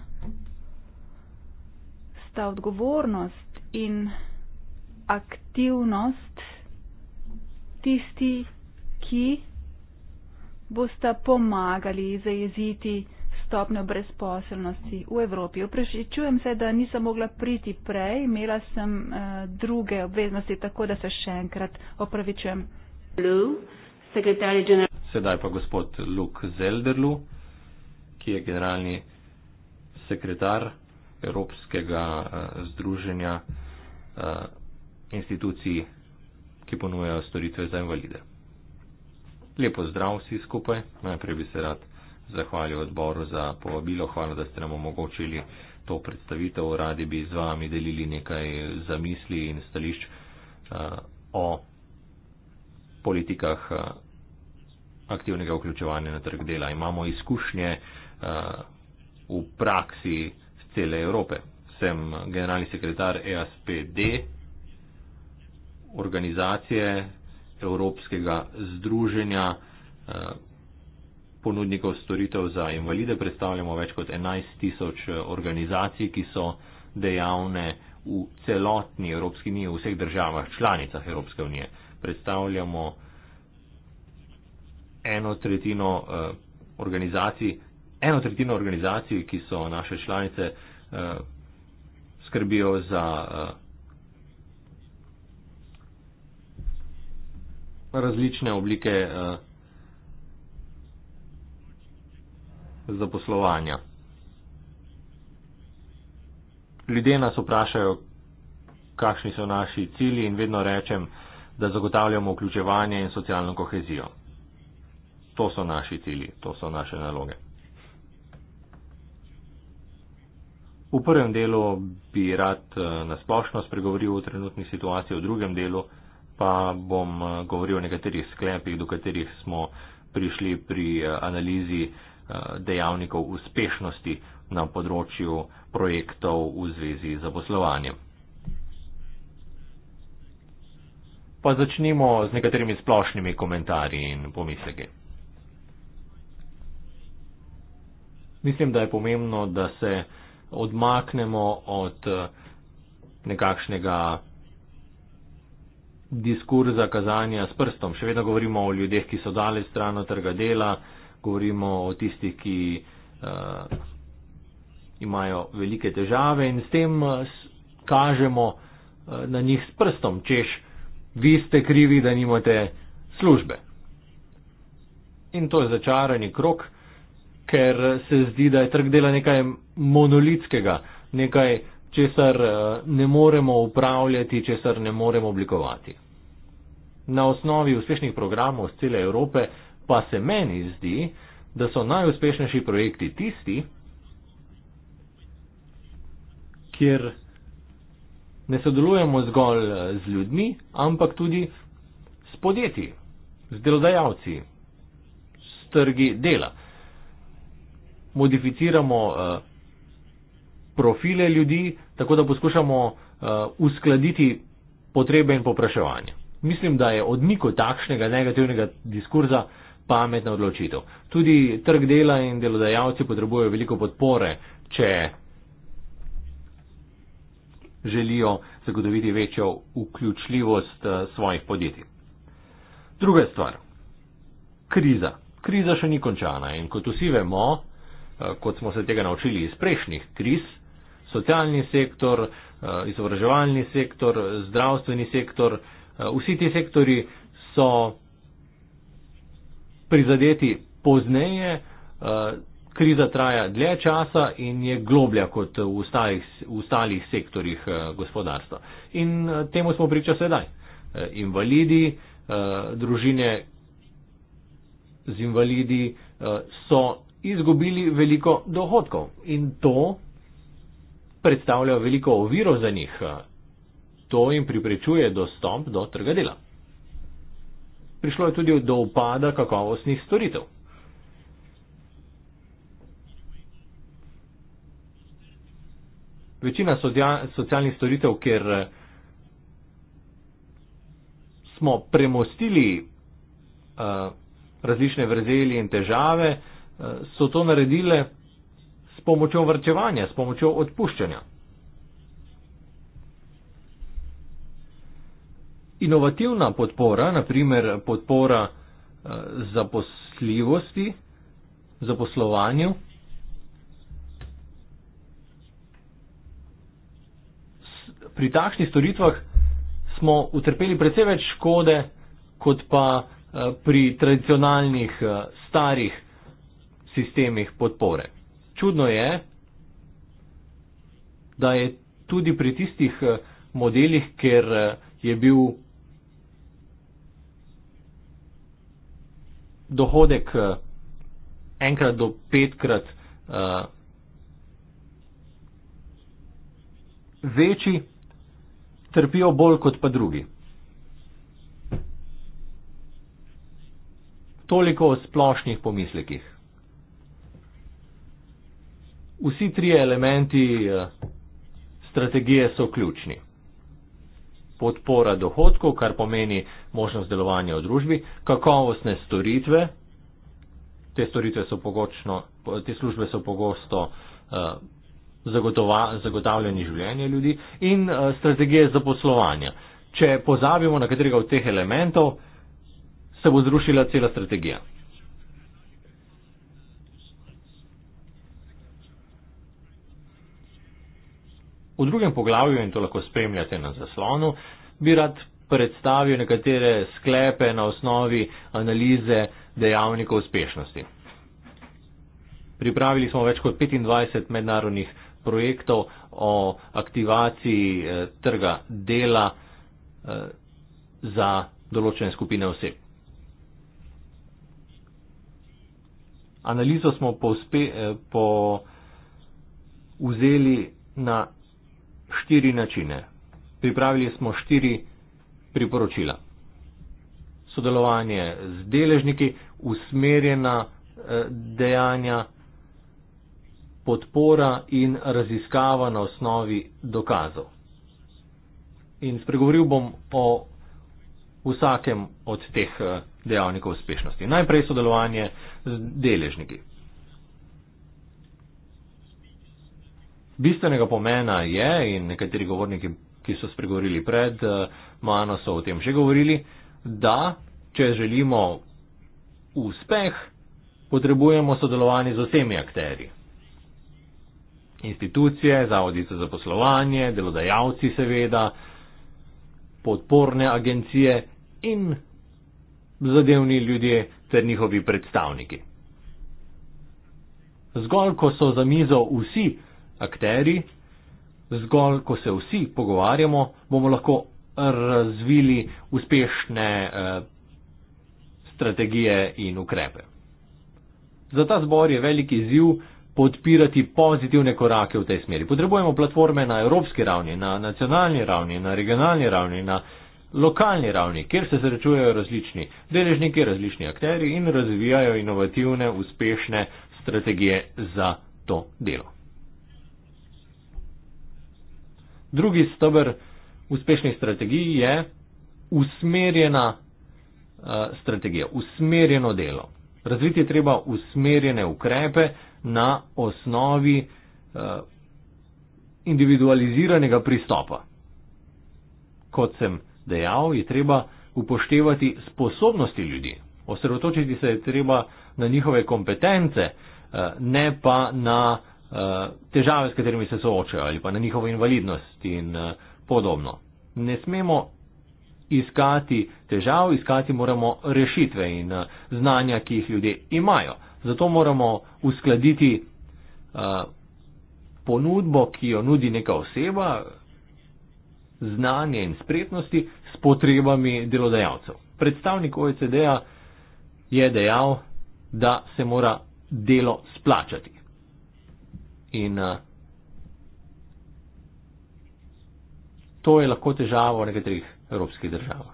sta odgovornost in aktivnost tisti, ki bosta pomagali zajeziti stopnjo brezposelnosti v Evropi. Oprešičujem se, da nisem mogla priti prej, imela sem uh, druge obveznosti, tako da se še enkrat opravičujem. Sedaj pa gospod Luk Zelderlu, ki je generalni sekretar Evropskega uh, združenja uh, institucij, ki ponujajo storitve za invalide. Lepo zdrav vsi skupaj, najprej bi se rad zahvalil odboru za povabilo, hvala, da ste nam omogočili to predstavitev. Radi bi z vami delili nekaj zamisli in stališč uh, o politikah uh, aktivnega vključevanja na trg dela. Imamo izkušnje uh, v praksi z cele Evrope. Sem generalni sekretar EASPD, organizacije Evropskega združenja. Uh, ponudnikov storitev za invalide, predstavljamo več kot 11 tisoč eh, organizacij, ki so dejavne v celotni Evropski uniji, v vseh državah, članicah Evropske unije. Predstavljamo eno tretjino uh, organizacij, eno tretjino organizacij, ki so naše članice, uh, skrbijo za uh, različne oblike uh, zaposlovanja. Ljudje nas vprašajo, kakšni so naši cilji in vedno rečem, da zagotavljamo vključevanje in socialno kohezijo. To so naši cilji, to so naše naloge. V prvem delu bi rad eh, nasplošno spregovoril o trenutni situaciji, v drugem delu pa bom eh, govoril o nekaterih sklepih, do katerih smo prišli pri eh, analizi Eh, dejavnikov uspešnosti na področju projektov v zvezi z zaposlovanjem. Pa začnimo z nekaterimi splošnimi komentarji in pomisleki. Mislim, da je pomembno, da se odmaknemo od eh, nekakšnega diskurza kazanja s prstom. Še vedno govorimo o ljudeh, ki so dali strano trga dela, govorimo o tistih, ki uh, imajo velike težave in s tem kažemo uh, na njih s prstom, češ, vi ste krivi, da nimate službe. In to je začarani krok, ker se zdi, da je trg dela nekaj monolitskega, nekaj, česar eh, ne moremo upravljati, česar ne moremo oblikovati. Na osnovi uspešnih programov z cele Evrope pa se meni zdi, da so najuspešnejši projekti tisti, kjer ne sodelujemo zgolj eh, z ljudmi, ampak tudi s podjetji, z delodajalci, s trgi dela. Modificiramo eh, profile ljudi, tako da poskušamo uh, uskladiti potrebe in popraševanje. Mislim, da je odmik od takšnega negativnega diskurza uh, pametna odločitev. Tudi trg dela in delodajalci potrebujejo veliko podpore, če želijo zagotoviti večjo vključljivost eh, svojih podjetij. Druga stvar. Kriza. Kriza še ni končana in kot vsi vemo, eh, kot smo se tega naučili iz prejšnjih kriz, socialni sektor, eh, izobraževalni sektor, zdravstveni sektor, vsi ti sektori so prizadeti pozneje, eh, kriza traja dlje časa in je globlja kot v ostalih, v ostalih sektorjih eh, gospodarstva. In eh, temu smo priča sedaj. Invalidi, družine z invalidi so izgubili veliko dohodkov in to predstavlja veliko oviro za njih. To jim priprečuje dostop do trga dela prišlo je tudi do upada kakovostnih storitev. Večina socialnih storitev, ker eh, smo premostili uh, različne vrzeli in težave, uh, so to naredile s pomočjo vrčevanja, s pomočjo odpuščanja. inovativna podpora, naprimer podpora eh, zaposljivosti, zaposlovanju, pri takšnih storitvah smo utrpeli precej več škode, kot pa eh, pri tradicionalnih eh, starih sistemih podpore. Čudno je, da je tudi pri tistih modelih, ker je bil dohodek eh, enkrat do petkrat uh, večji, trpijo bolj kot pa drugi. Toliko o splošnih pomislekih. Vsi trije elementi eh, strategije so ključni podpora dohodkov, kar pomeni možnost delovanja v družbi, kakovostne storitve, te storitve so pogočno, te službe so pogosto uh, zagotavljanje življenja ljudi in uh, strategije za poslovanje. Če pozabimo na katerega od teh elementov, se bo zrušila cela strategija. V drugem poglavju, in to lahko spremljate na zaslonu, bi rad predstavil nekatere sklepe na osnovi analize dejavnikov uspešnosti. Pripravili smo več kot 25 mednarodnih projektov o aktivaciji eh, trga dela eh, za določene skupine oseb. Analizo smo po, uspe, eh, po vzeli na štiri načine. Pripravili smo štiri priporočila. Sodelovanje z deležniki, usmerjena eh, dejanja, podpora in raziskava na osnovi dokazov. In spregovoril bom o vsakem od teh eh, dejavnikov uspešnosti. Najprej sodelovanje z deležniki. bistvenega pomena je in nekateri govorniki, ki so spregovorili pred eh, mano, so o tem že govorili, da če želimo uspeh, potrebujemo sodelovanje z vsemi akteri. Institucije, zavodice za poslovanje, delodajalci seveda, podporne agencije in zadevni ljudje ter njihovi predstavniki. Zgolj, ko so za mizo vsi akteri, zgolj ko se vsi pogovarjamo, bomo lahko razvili uspešne eh, strategije in ukrepe. Za ta zbor je veliki ziv podpirati pozitivne korake v tej smeri. Potrebujemo platforme na evropski ravni, na nacionalni ravni, na regionalni ravni, na lokalni ravni, kjer se srečujejo različni deležniki, različni akteri in razvijajo inovativne, uspešne strategije za to delo. Drugi stober uspešnih strategij je usmerjena uh, strategija, usmerjeno delo. Razviti je treba usmerjene ukrepe na osnovi uh, individualiziranega pristopa. Kot sem dejal, je treba upoštevati sposobnosti ljudi. Osredotočiti se je treba na njihove kompetence, uh, ne pa na Eh, težave, s katerimi se soočajo ali pa na njihovo invalidnost in eh, podobno. Ne smemo iskati težav, iskati moramo rešitve in eh, znanja, ki jih ljudje imajo. Zato moramo uskladiti ponudbo, ki jo nudi neka oseba, znanje in spretnosti s potrebami delodajalcev. Predstavnik OECD-a je dejal, da se mora delo splačati. In uh, to je lahko težava v nekaterih evropskih državah.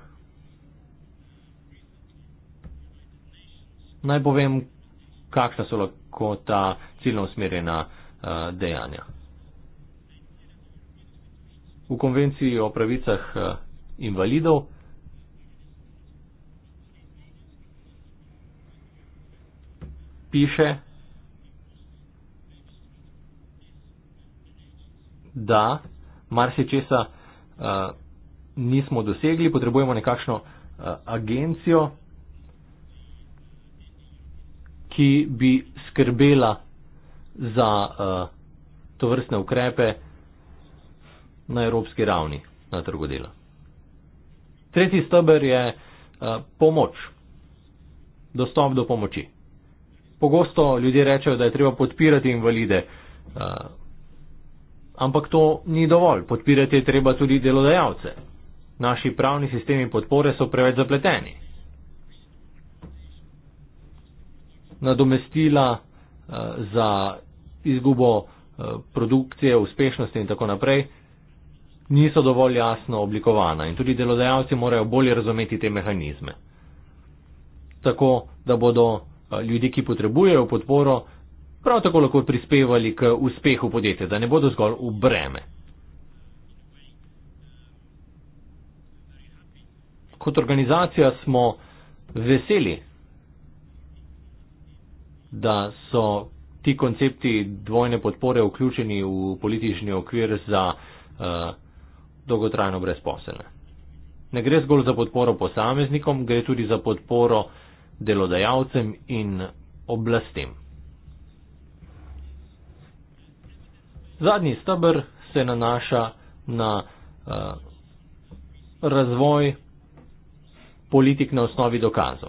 Naj povem, kakšna so lahko ta ciljno usmerjena uh, dejanja. V konvenciji o pravicah uh, invalidov piše, da marsičesa uh, nismo dosegli, potrebujemo nekakšno uh, agencijo, ki bi skrbela za uh, eh, to vrstne ukrepe na evropski ravni na trgu dela. Tretji stober je uh, pomoč, dostop do pomoči. Pogosto ljudje rečejo, da je treba podpirati invalide, uh, Ampak to ni dovolj, podpirati je treba tudi delodajalce. Naši pravni sistemi podpore so preveč zapleteni. Nadomestila eh, za izgubo eh, produkcije, uspešnosti in tako naprej niso dovolj jasno oblikovana in tudi delodajalci morajo bolje razumeti te mehanizme. Tako, da bodo eh, ljudi, ki potrebujejo podporo, prav tako lahko prispevali k uspehu podjetja, da ne bodo zgolj v breme. Kot organizacija smo veseli, da so ti koncepti dvojne podpore vključeni v politični okvir za uh, dolgotrajno brezposelne. Ne gre zgolj za podporo posameznikom, gre tudi za podporo delodajalcem in oblastem. Zadnji stebr se nanaša na uh, razvoj politik na osnovi dokazov.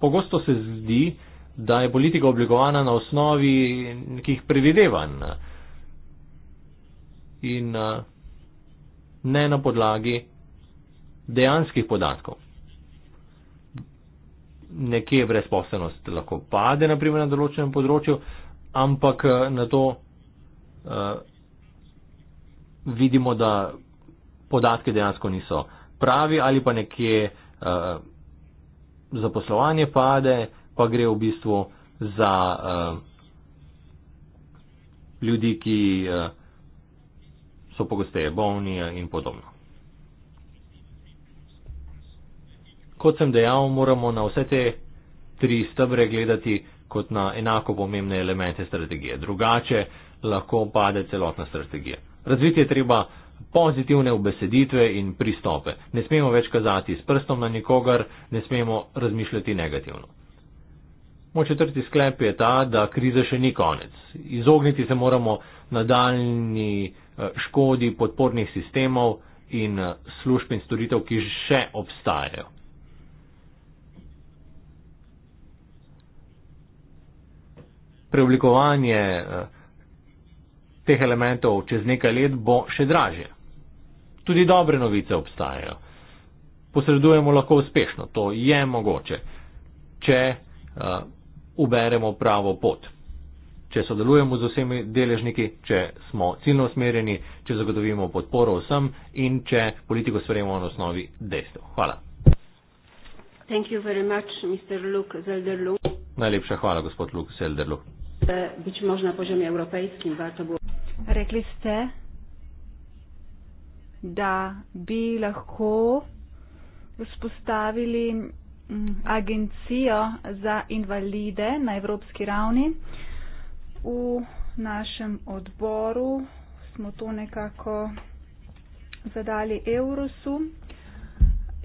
Pogosto se zdi, da je politika oblikovana na osnovi nekih predvidevanj in uh, ne na podlagi dejanskih podatkov. Nekje brezposobnost lahko pade, naprimer na določenem področju, ampak eh, na to uh, vidimo, da podatke dejansko niso pravi ali pa nekje uh, zaposlovanje pade, pa gre v bistvu za uh, ljudi, ki uh, so pogosteje bolni in podobno. Kot sem dejal, moramo na vse te tri stebre gledati kot na enako pomembne elemente strategije. Drugače uh, lahko pade celotna strategija. Razviti je treba pozitivne obeseditve in pristope. Ne smemo več kazati s prstom na nikogar, ne smemo razmišljati negativno. Moj četrti sklep je ta, da krize še ni konec. Izogniti se moramo nadaljni eh, škodi podpornih sistemov in eh, služb in storitev, ki še obstajajo. Preoblikovanje eh, teh elementov čez nekaj let bo še dražje. Tudi dobre novice obstajajo. Posredujemo lahko uspešno, to je mogoče, če eh, uberemo uh, pravo pot, če sodelujemo z vsemi deležniki, če smo ciljno usmerjeni, če zagotovimo podporo vsem in če politiko sprejemo na osnovi dejstev. Hvala. Thank you very much, Mr. Luke Zelderlu. Najlepša hvala, gospod Luke Zelderlu. Uh, e, Biti možno po žemlji evropejskim, varto bo. Rekli ste, da bi lahko vzpostavili mm, agencijo za invalide na evropski ravni. V našem odboru smo to nekako zadali Eurosu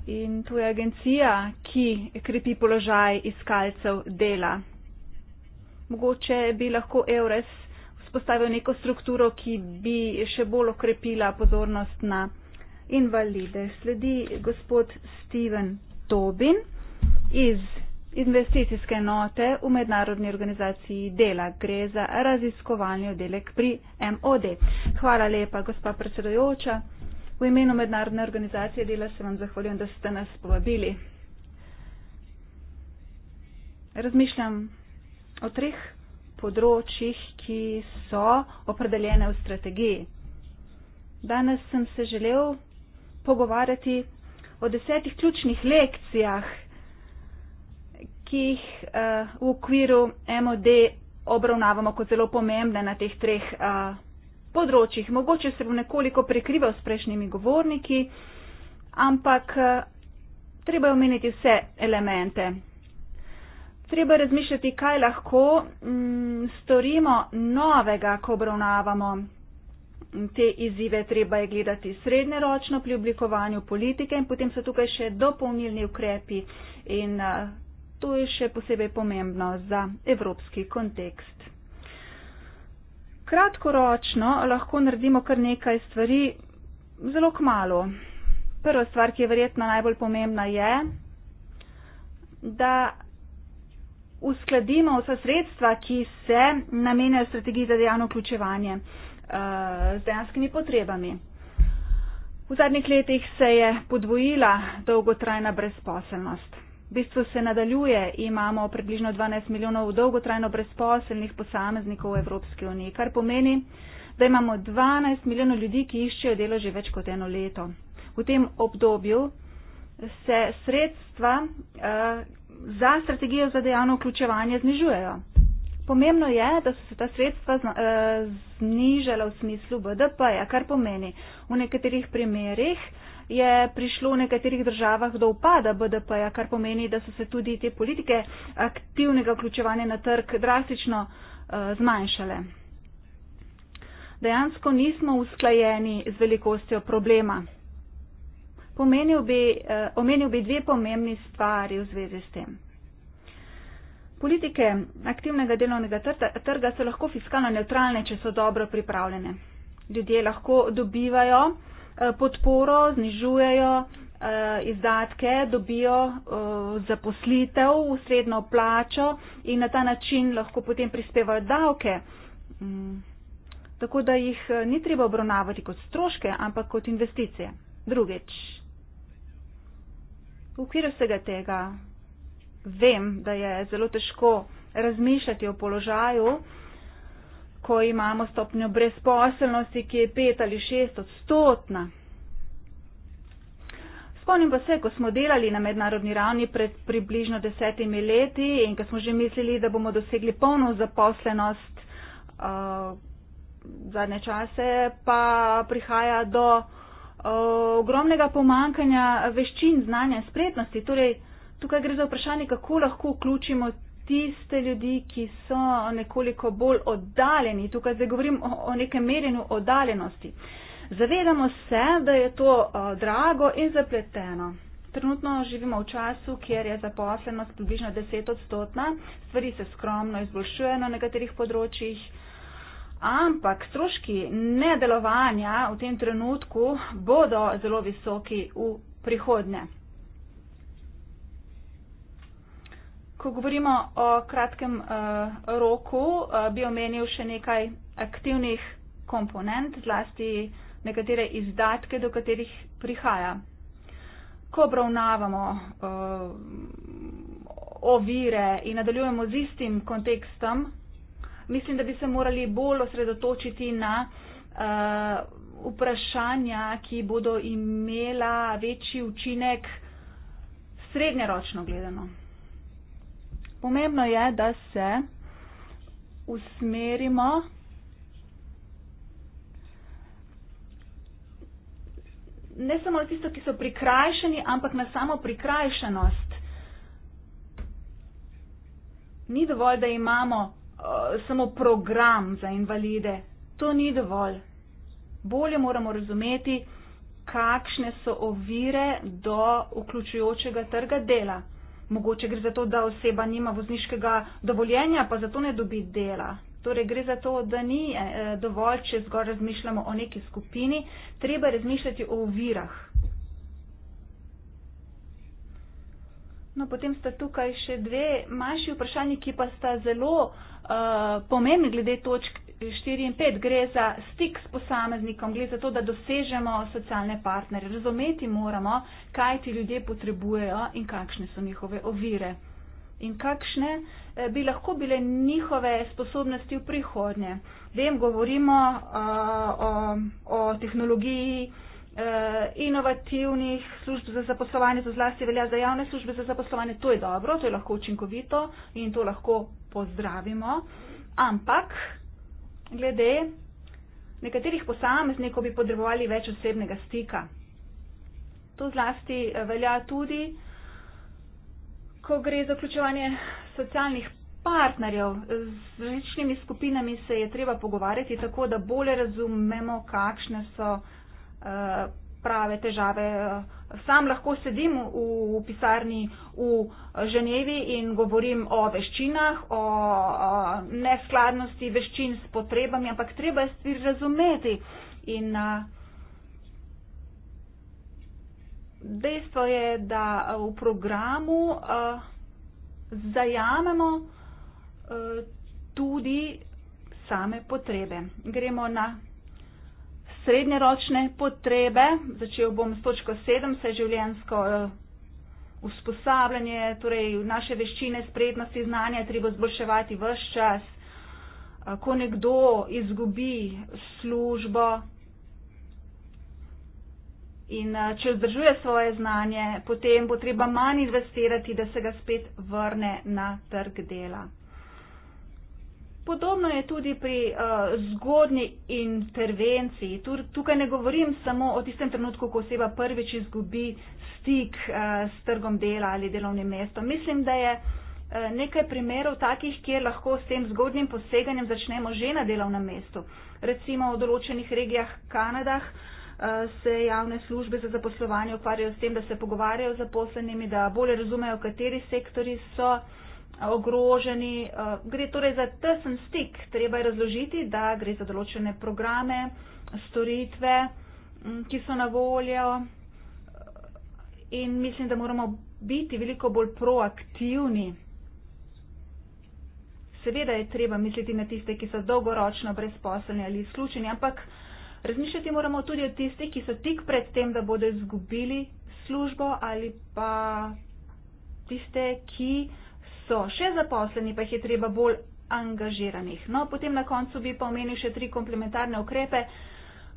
in to je agencija, ki krepi položaj iskalcev dela. Mogoče bi lahko Eures vzpostavil neko strukturo, ki bi še bolj okrepila pozornost na invalide. Sledi gospod Steven Tobin iz investicijske note v mednarodni organizaciji dela. Gre za raziskovalni oddelek pri MOD. Hvala lepa, gospa predsedojoča. V imenu mednarodne organizacije dela se vam zahvaljujem, da ste nas povabili. Razmišljam o treh področjih, ki so opredeljene v strategiji. Danes sem se želel pogovarjati o desetih ključnih lekcijah, ki jih uh, v okviru MOD obravnavamo kot zelo pomembne na teh treh uh, področjih. Mogoče se bom nekoliko prekrival s prejšnjimi govorniki, ampak uh, treba je omeniti vse elemente treba razmišljati, kaj lahko m, mm, storimo novega, ko obravnavamo te izzive. Treba je gledati srednjeročno pri oblikovanju politike in potem so tukaj še dopolnilni ukrepi in a, eh, to je še posebej pomembno za evropski kontekst. Kratkoročno lahko naredimo kar nekaj stvari zelo k malu. Prva stvar, ki je verjetno najbolj pomembna, je, da uskladimo vsa sredstva, ki se namenjajo strategiji za dejavno vključevanje eh, z dejanskimi potrebami. V zadnjih letih se je podvojila dolgotrajna brezposelnost. V bistvu se nadaljuje, imamo približno 12 milijonov dolgotrajno brezposelnih posameznikov v Evropski uniji, kar pomeni, da imamo 12 milijonov ljudi, ki iščejo delo že več kot eno leto. V tem obdobju se sredstva, eh, za strategijo za dejavno vključevanje znižujejo. Pomembno je, da so se ta sredstva eh, znižala v smislu BDP-ja, kar pomeni, v nekaterih primerjih je prišlo v nekaterih državah do upada BDP-ja, kar pomeni, da so se tudi te politike aktivnega vključevanja na trg drastično eh, zmanjšale. Dejansko nismo usklajeni z velikostjo problema bi, uh, omenil bi dve pomembni stvari v zvezi s tem. Politike aktivnega delovnega trga so lahko fiskalno neutralne, če so dobro pripravljene. Ljudje lahko dobivajo eh, podporo, znižujejo eh, izdatke, dobijo zaposlitev, srednjo plačo in na ta način lahko potem prispevajo davke. Mm. Tako da jih ni treba obravnavati kot stroške, ampak kot investicije. Drugič, V okviru vsega tega vem, da je zelo težko razmišljati o položaju, ko imamo stopnjo brezposelnosti, ki je pet ali šest odstotna. Spomnim pa se, ko smo delali na mednarodni ravni pred približno desetimi leti in ko smo že mislili, da bomo dosegli polno zaposlenost uh, zadnje čase, pa prihaja do Eh, ogromnega pomankanja veščin, znanja, spretnosti. Torej, tukaj gre za vprašanje, kako lahko vključimo tiste ljudi, ki so nekoliko bolj oddaljeni. Tukaj zdaj govorim o, o nekem merjenju oddaljenosti. Zavedamo se, da je to uh, drago in zapleteno. Trenutno živimo v času, kjer je zaposlenost približno 10 odstotna, stvari se skromno izboljšujejo na nekaterih področjih ampak stroški nedelovanja v tem trenutku bodo zelo visoki v prihodnje. Ko govorimo o kratkem uh, roku, uh, bi omenil še nekaj aktivnih komponent, zlasti nekatere izdatke, do katerih prihaja. Ko obravnavamo uh, ovire in nadaljujemo z istim kontekstom, mislim, da bi se morali bolj osredotočiti na uh, vprašanja, ki bodo imela večji učinek srednjeročno gledano. Pomembno je, da se usmerimo ne samo na tisto, ki so prikrajšani, ampak na samo prikrajšanost. Ni dovolj, da imamo Eh, samo program za invalide. To ni dovolj. Bolje moramo razumeti, kakšne so ovire do vključujočega trga dela. Mogoče gre za to, da oseba nima vozniškega dovoljenja, pa zato ne dobi dela. Torej gre za to, da ni eh, dovolj, če zgolj razmišljamo o neki skupini, treba razmišljati o ovirah. No, potem sta tukaj še dve manjši vprašanji, ki pa sta zelo uh, Eh, pomembni glede točk 4 in 5. Gre za stik s posameznikom, gre za to, da dosežemo socialne partnerje. Razumeti moramo, kaj ti ljudje potrebujejo in kakšne so njihove ovire. In kakšne eh, bi lahko bile njihove sposobnosti v prihodnje. Vem, govorimo uh, o, o tehnologiji inovativnih služb za zaposlovanje, to zlasti velja za javne službe za zaposlovanje, to je dobro, to je lahko učinkovito in to lahko pozdravimo, ampak glede nekaterih posameznikov bi potrebovali več osebnega stika. To zlasti eh, velja tudi, ko gre za vključevanje socialnih partnerjev. Z različnimi skupinami se je treba pogovarjati tako, da bolje razumemo, kakšne so. Uh, prave težave. Sam lahko sedim v, v pisarni v Ženevi in govorim o veščinah, o, o neskladnosti veščin s potrebami, ampak treba je stvari razumeti. In, a, dejstvo je, da v programu a, zajamemo a, tudi same potrebe. Gremo na srednjeročne potrebe. Začel bom s točko sedem, se življensko eh, usposabljanje, torej naše veščine, sprednosti, znanja je treba zboljševati vse čas. Eh, ko nekdo izgubi službo in eh, če vzdržuje svoje znanje, potem bo treba manj investirati, da se ga spet vrne na trg dela podobno je tudi pri uh, zgodnji intervenciji. Tur, tukaj ne govorim samo o tistem trenutku, ko oseba prvič izgubi stik uh, s trgom dela ali delovnim mestom. Mislim, da je uh, nekaj primerov takih, kjer lahko s tem zgodnjim poseganjem začnemo že na delovnem mestu. Recimo v določenih regijah Kanadah se javne službe za zaposlovanje ukvarjajo s tem, da se pogovarjajo z zaposlenimi, da bolje razumejo, kateri sektori so uh, ogroženi. Eh, gre torej za tesen stik, treba je razložiti, da gre za določene programe, storitve, mm, ki so na voljo eh, in mislim, da moramo biti veliko bolj proaktivni. Seveda je treba misliti na tiste, ki so dolgoročno brezposelni ali izključeni, ampak razmišljati moramo tudi o tistih, ki so tik pred tem, da bodo izgubili službo ali pa tiste, ki uh, so še zaposleni, pa jih je treba bolj angažiranih. No, potem na koncu bi pa omenil še tri komplementarne ukrepe.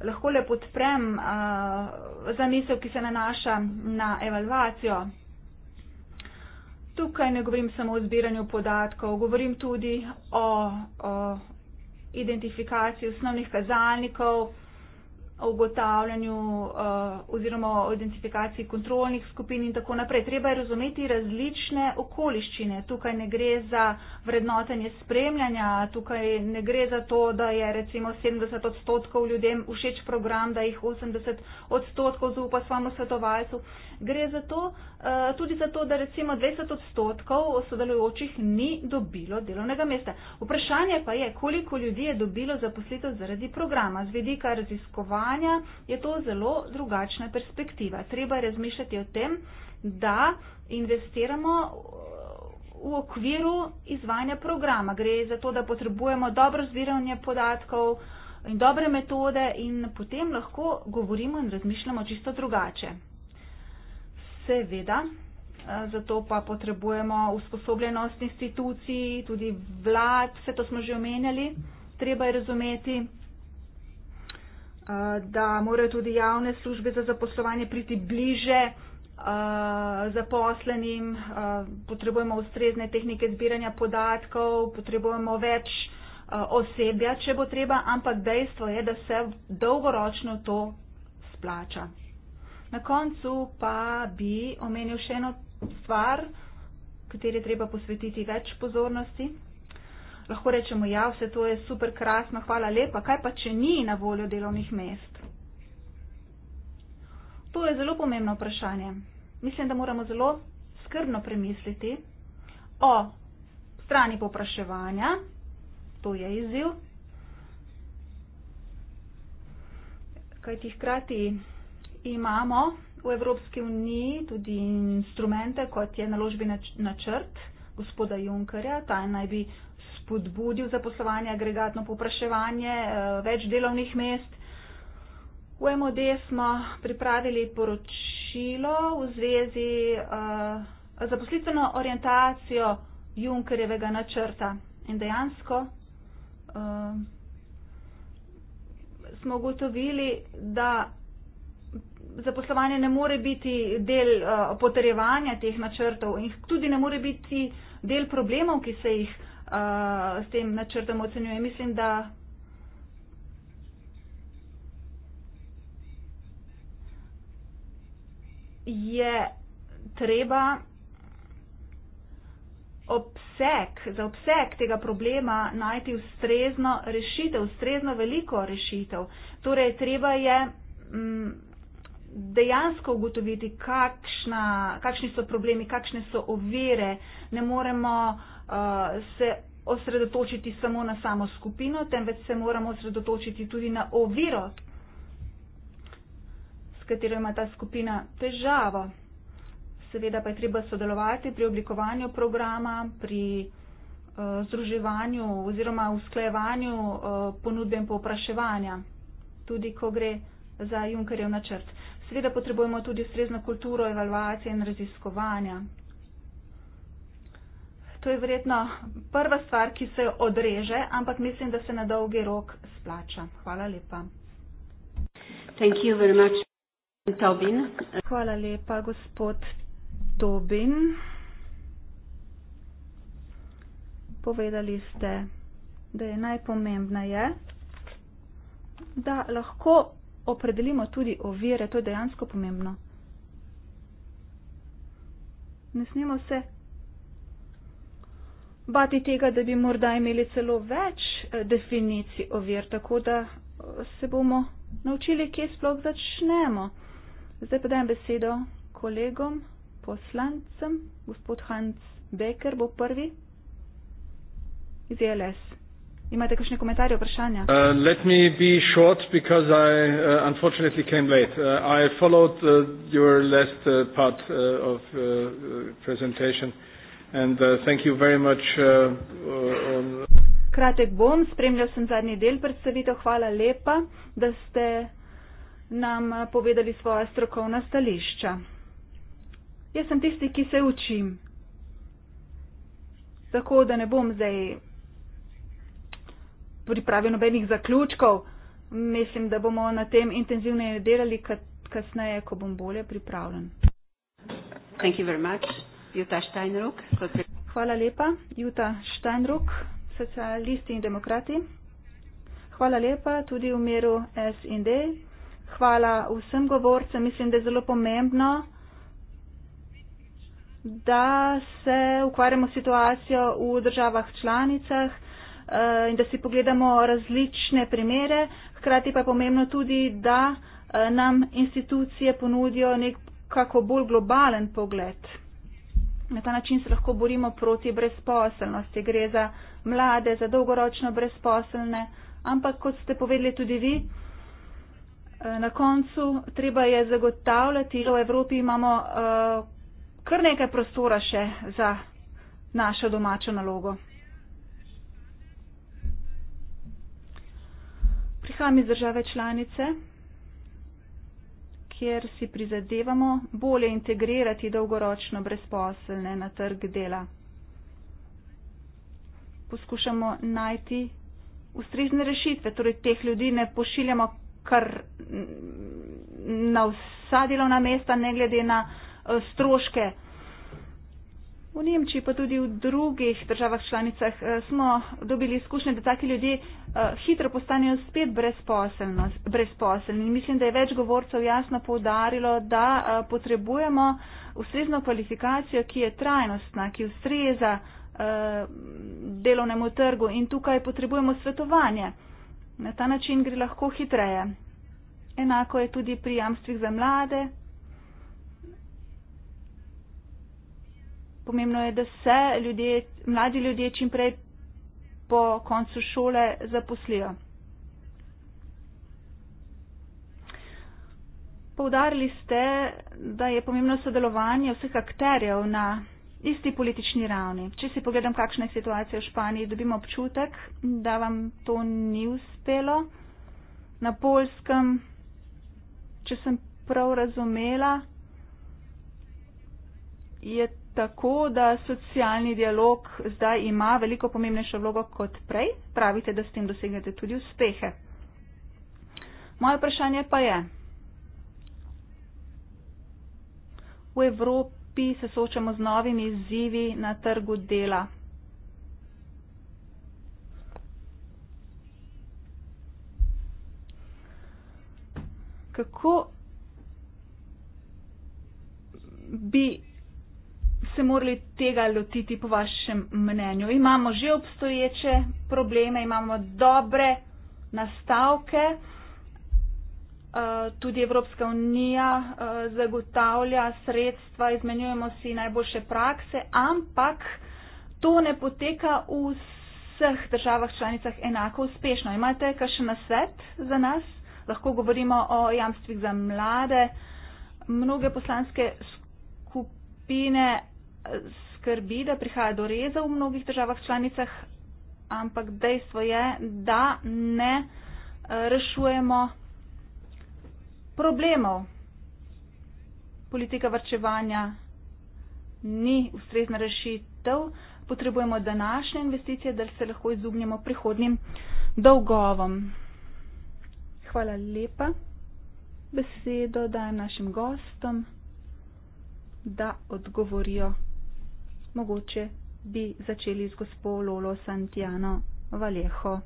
Lahko le podprem uh, zamisel, ki se nanaša na evalvacijo. Tukaj ne govorim samo o zbiranju podatkov, govorim tudi o, o identifikaciji osnovnih kazalnikov, o ugotavljanju uh, oziroma o identifikaciji kontrolnih skupin in tako naprej. Treba je razumeti različne okoliščine. Tukaj ne gre za vrednotenje spremljanja, tukaj ne gre za to, da je recimo 70 odstotkov ljudem všeč program, da jih 80 odstotkov zaupa svojemu svetovalcu gre za to, eh, tudi za to, da recimo 20 odstotkov sodelujočih ni dobilo delovnega mesta. Vprašanje pa je, koliko ljudi je dobilo zaposlitev zaradi programa. Z vidika raziskovanja je to zelo drugačna perspektiva. Treba razmišljati o tem, da investiramo eh, v okviru izvajanja programa. Gre za to, da potrebujemo dobro zbiranje podatkov eh, in dobre metode in potem lahko govorimo in razmišljamo čisto drugače. Seveda, eh, zato pa potrebujemo usposobljenost institucij, tudi vlad, vse to smo že omenjali, treba je razumeti, eh, da morajo tudi javne službe za zaposlovanje priti bliže eh, zaposlenim, potrebujemo ustrezne tehnike zbiranja podatkov, potrebujemo več osebja, če bo treba, ampak dejstvo je, da se dolgoročno to splača. Na koncu pa bi omenil še eno stvar, kateri je treba posvetiti več pozornosti. Lahko rečemo, ja, vse to je super krasno, hvala lepa, kaj pa, če ni na voljo delovnih mest? To je zelo pomembno vprašanje. Mislim, da moramo zelo skrbno premisliti o strani popraševanja, to je izziv, kaj ti hkrati imamo v Evropski uniji tudi instrumente, kot je naložbi načrt gospoda Junkerja. Ta naj bi spodbudil zaposlovanje, agregatno popraševanje, eh, več delovnih mest. V MOD smo pripravili poročilo v zvezi eh, z zaposlitveno orientacijo Junkerjevega načrta in dejansko eh, smo ugotovili, da zaposlovanje ne more biti del uh, potrjevanja teh načrtov in tudi ne more biti del problemov, ki se jih uh, s tem načrtom ocenjuje. Mislim, da. Je treba obseg, za obseg tega problema najti ustrezno rešitev, ustrezno veliko rešitev. Torej, treba je mm, dejansko ugotoviti, kakšna, kakšni so problemi, kakšne so ovire. Ne moremo uh, se osredotočiti samo na samo skupino, temveč se moramo osredotočiti tudi na oviro, s katero ima ta skupina težavo. Seveda pa je treba sodelovati pri oblikovanju programa, pri uh, združevanju oziroma usklejevanju uh, ponudbe in popraševanja, tudi ko gre za Junkerjev načrt. Uh, seveda potrebujemo tudi ustrezno kulturo evalvacije in raziskovanja. To je verjetno prva stvar, ki se odreže, ampak mislim, da se na dolgi rok splača. Hvala lepa. Thank you very much, Tobin. Hvala lepa, gospod Tobin. Povedali ste, da je najpomembneje, da lahko opredelimo tudi ovire, to je dejansko pomembno. Ne smemo se bati tega, da bi morda imeli celo več eh, definicij ovir, tako da eh, se bomo naučili, kje sploh začnemo. Zdaj pa dajem besedo kolegom, poslancem. Gospod Hans Becker bo prvi iz e LS. Imate kakšne komentarje, vprašanja? Uh, I, uh, uh followed, uh, last, uh, part, uh, of, uh, uh And uh, thank you very much. Uh, uh, on... Kratek bom, spremljal sem zadnji del predstavitev. Hvala lepa, da ste nam povedali svoje strokovna stališča. Jaz sem tisti, ki se učim. Tako da ne bom zdaj pripravi nobenih zaključkov. Mislim, da bomo na tem intenzivneje delali kasneje, ko bom bolje pripravljen. Hvala lepa, Juta Steinruck, socialisti in demokrati. Hvala lepa tudi v miru SND. Hvala vsem govorcem. Mislim, da je zelo pomembno, da se ukvarjamo situacijo v državah članicah, Eh, in da si pogledamo različne primere. Hkrati pa je pomembno tudi, da eh, nam institucije ponudijo nekako bolj globalen pogled. Na ta način se lahko borimo proti brezposelnosti. Gre za mlade, za dolgoročno brezposelne, ampak kot ste povedali tudi vi, eh, na koncu treba je zagotavljati, da v Evropi imamo uh, kar nekaj prostora še za našo domačo nalogo. Prihajam iz države članice, kjer si prizadevamo bolje integrirati dolgoročno brezposelne na trg dela. Poskušamo najti ustrezne rešitve, torej teh ljudi ne pošiljamo kar na vsa delovna mesta, ne glede na eh, stroške. V Nemčiji, pa tudi v drugih državah članicah, eh, smo dobili izkušnje, da taki ljudje eh, hitro postanejo spet brezposelni. Mislim, da je več govorcev jasno povdarilo, da eh, potrebujemo ustrezno kvalifikacijo, ki je trajnostna, ki ustreza delovnemu trgu in tukaj potrebujemo svetovanje. Na ta način gre lahko hitreje. Enako je tudi pri jamstvih za mlade, pomembno je, da se ljudje, mladi ljudje čimprej po koncu šole zaposlijo. Poudarili ste, da je pomembno sodelovanje vseh akterjev na isti politični ravni. Če si pogledam, kakšna je situacija v Španiji, dobim občutek, da vam to ni uspelo. Na polskem, če sem prav razumela, je tako, da socialni dialog zdaj ima veliko pomembnejšo vlogo kot prej. Pravite, da s tem dosegnete tudi uspehe. Moje vprašanje pa je, v Evropi se soočamo z novimi izzivi na trgu dela. Kako bi se morali tega lotiti, po vašem mnenju? Imamo že obstoječe probleme, imamo dobre nastavke, eh, tudi Evropska unija eh, zagotavlja sredstva, izmenjujemo si najboljše prakse, ampak to ne poteka v vseh državah članicah enako uspešno. Imate kakšen nasvet za nas? Lahko govorimo o jamstvih za mlade. Mnoge poslanske skupine skrbi, da prihaja do reza v mnogih državah članicah, ampak dejstvo je, da ne eh, rešujemo problemov. Politika vrčevanja ni ustrezna rešitev, potrebujemo današnje investicije, da se lahko izognemo prihodnim dolgovom. Hvala lepa. Besedo dajem našim gostom, da odgovorijo mogoče bi začeli z gospo Lolo Santiano Valjeho.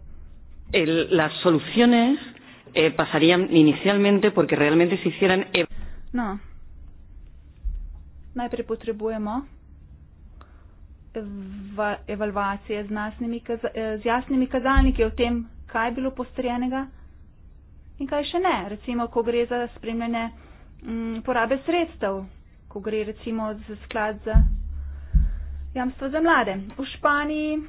No. Najprej potrebujemo eva evalvacije z, eh, z jasnimi kazalniki o tem, kaj je bilo postrojenega in kaj še ne. Recimo, ko gre za spremljanje mm, porabe sredstev, ko gre recimo za sklad za jamstvo za mlade. V Španiji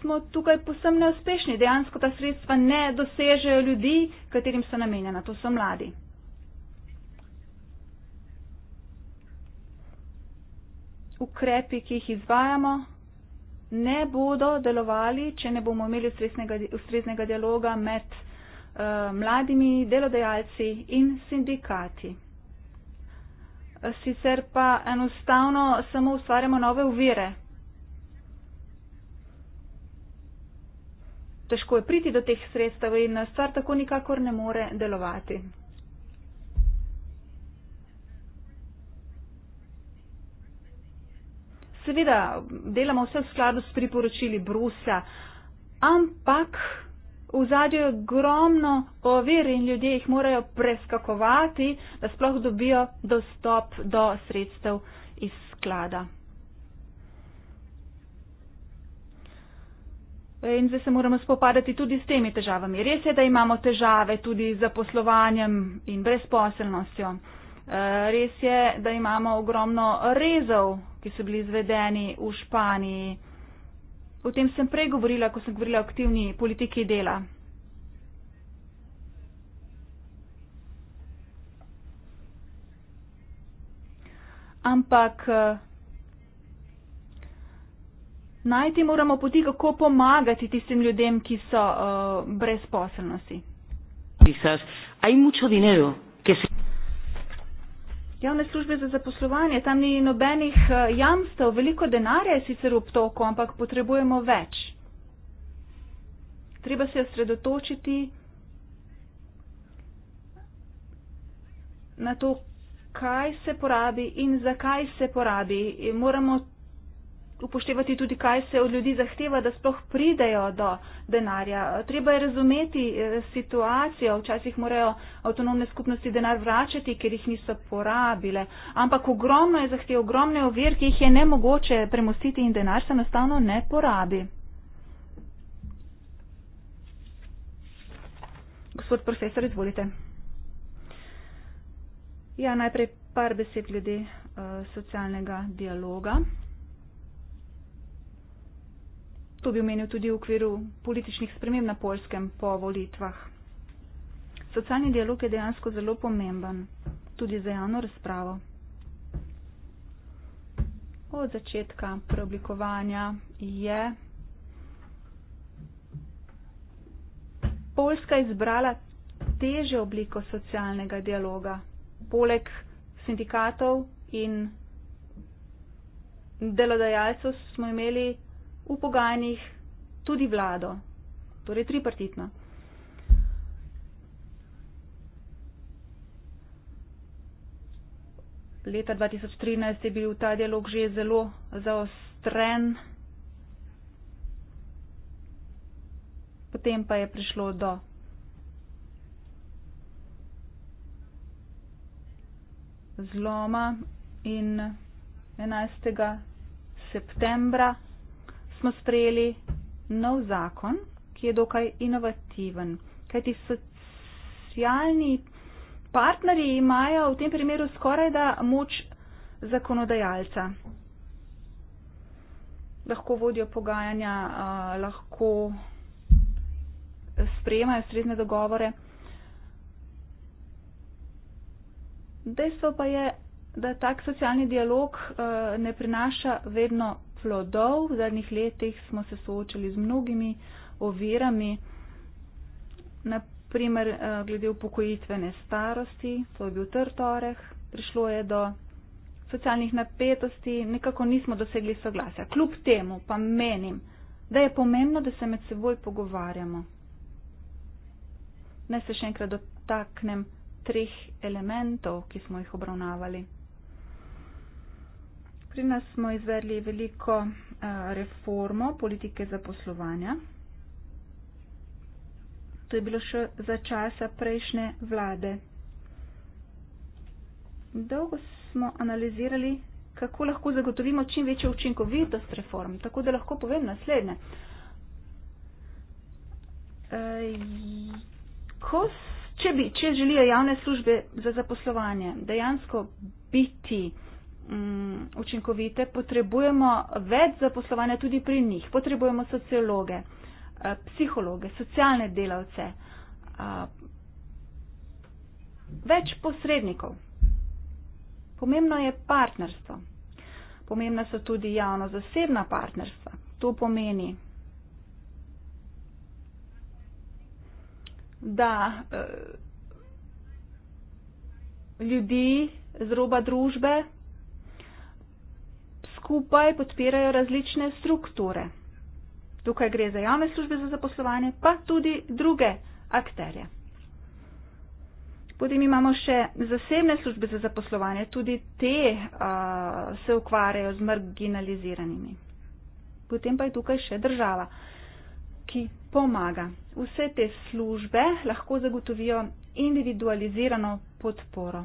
smo tukaj posem neuspešni. Dejansko ta sredstva ne dosežejo ljudi, katerim so namenjena. To so mladi. Ukrepi, ki jih izvajamo, ne bodo delovali, če ne bomo imeli ustreznega, ustreznega dialoga med uh, mladimi delodajalci in sindikati sicer pa enostavno samo ustvarjamo nove uvire. Težko je priti do teh sredstev in stvar tako nikakor ne more delovati. Seveda delamo vse v skladu s priporočili Brusa, ampak v zadju je ogromno ovir in ljudje jih morajo preskakovati, da sploh dobijo dostop do sredstev iz sklada. In zdaj se moramo spopadati tudi s temi težavami. Res je, da imamo težave tudi z zaposlovanjem in brezposelnostjo. Eh, res je, da imamo ogromno rezov, ki so bili izvedeni v Španiji. O tem sem prej govorila, ko sem govorila o aktivni politiki dela. Ampak eh, najti moramo poti, kako pomagati tistim ljudem, ki so uh, brezposelnosti. Hay mucho dinero que se. Javne službe za zaposlovanje, tam ni nobenih eh, jamstev, veliko denarja je sicer v obtoku, ampak potrebujemo več. Treba se osredotočiti na to, kaj se porabi in zakaj se porabi. Moramo upoštevati tudi, kaj se od ljudi zahteva, da sploh pridejo do denarja. Treba je razumeti eh, situacijo, včasih morajo avtonomne skupnosti denar vračati, ker jih niso porabile, ampak ogromno je zahtev, ogromno je ovir, ki jih je nemogoče premostiti in denar se enostavno ne porabi. Gospod profesor, izvolite. Ja, najprej par besed glede uh, socialnega dialoga. To bi omenil tudi v okviru političnih sprememb na polskem po volitvah. Socialni dialog je dejansko zelo pomemben, tudi za javno razpravo. Od začetka preoblikovanja je Poljska izbrala teže obliko socialnega dialoga, poleg sindikatov in delodajalcev smo imeli v pogajanjih tudi vlado, torej tripartitno. Leta 2013 je bil ta dialog že zelo zaostren, potem pa je prišlo do zloma in 11. septembra smo sprejeli nov zakon, ki je dokaj inovativen, kajti socialni partnerji imajo v tem primeru skoraj da moč zakonodajalca. Lahko vodijo pogajanja, lahko sprejemajo srednje dogovore. Dejstvo pa je, da tak socialni dialog ne prinaša vedno plodov. V zadnjih letih smo se soočali z mnogimi ovirami, naprimer eh, glede upokojitvene starosti, to je bil trtoreh, prišlo je do socialnih napetosti, nekako nismo dosegli soglasja. Kljub temu pa menim, da je pomembno, da se med seboj pogovarjamo. Naj se še enkrat dotaknem treh elementov, ki smo jih obravnavali. Pri nas smo izvedli veliko eh, reformo politike zaposlovanja. To je bilo še za časa prejšnje vlade. Dolgo smo analizirali, kako lahko zagotovimo čim večjo učinkovitost reform. Tako da lahko povem naslednje. Eh, ko, če, bi, če želijo javne službe za zaposlovanje dejansko biti Mm, učinkovite, potrebujemo več zaposlovanja tudi pri njih. Potrebujemo sociologe, eh, psihologe, socialne delavce, eh, več posrednikov. Pomembno je partnerstvo. Pomembna so tudi javno-zasebna partnerstva. To pomeni, da eh, ljudi z roba družbe skupaj podpirajo različne strukture. Tukaj gre za javne službe za zaposlovanje, pa tudi druge akterje. Potem imamo še zasebne službe za zaposlovanje, tudi te a, se ukvarjajo z marginaliziranimi. Potem pa je tukaj še država, ki pomaga. Vse te službe lahko zagotovijo individualizirano podporo.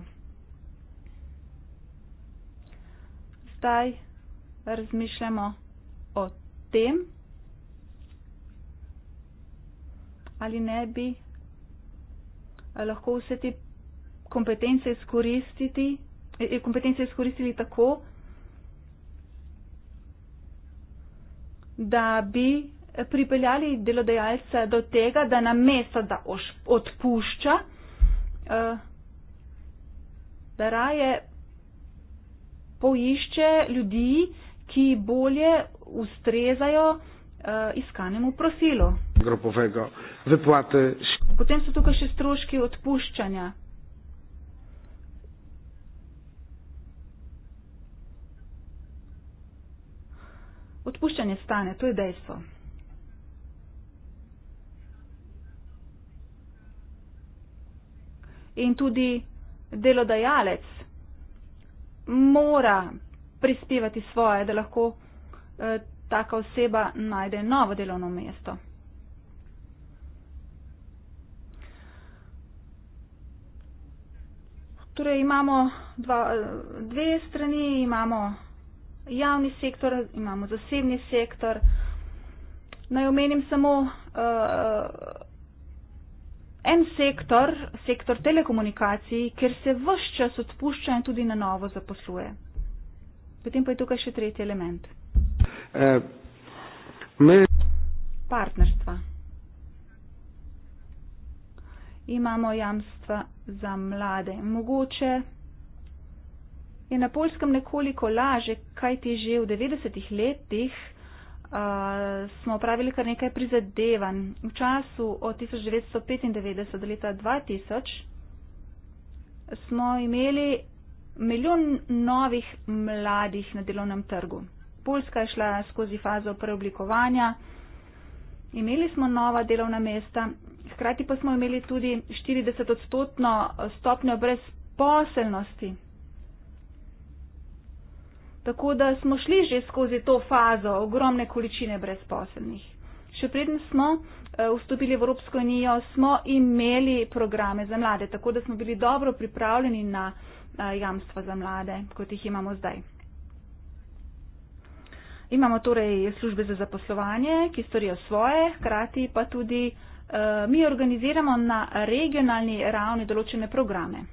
Zdaj razmišljamo o tem, ali ne bi eh, lahko vse te kompetence izkoristiti, eh, eh, kompetence izkoristili tako, da bi pripeljali delodajalca do tega, da na mesto, da odpušča, da raje poišče ljudi, ki bolje ustrezajo uh, iskanemu profilu. Potem so tukaj še stroški odpuščanja. Odpuščanje stane, to je dejstvo. In tudi delodajalec mora prispevati svoje, da lahko eh, taka oseba najde novo delovno mesto. Torej imamo dva, eh, dve strani, imamo javni sektor, imamo zasebni sektor. Naj omenim samo uh, en sektor, sektor telekomunikacij, kjer se vse čas odpušča in tudi na novo zaposluje. Potem pa je tukaj še tretji element. Eh, me... Partnerstva. Imamo jamstva za mlade. Mogoče je na polskem nekoliko laže, kaj ti že v 90-ih letih. Uh, smo opravili kar nekaj prizadevanj. V času od 1995 do leta 2000 smo imeli milijon novih mladih na delovnem trgu. Poljska je šla skozi fazo preoblikovanja, imeli smo nova delovna mesta, hkrati pa smo imeli tudi 40 odstotno stopnjo brezposelnosti. Tako da smo šli že skozi to fazo ogromne količine brezposelnih. Še predn smo eh, vstopili v Evropsko unijo, smo imeli programe za mlade, tako da smo bili dobro pripravljeni na Eh, jamstva za mlade, kot jih imamo zdaj. Imamo torej službe za zaposlovanje, ki storijo svoje, hkrati pa tudi eh, mi organiziramo na regionalni ravni določene programe.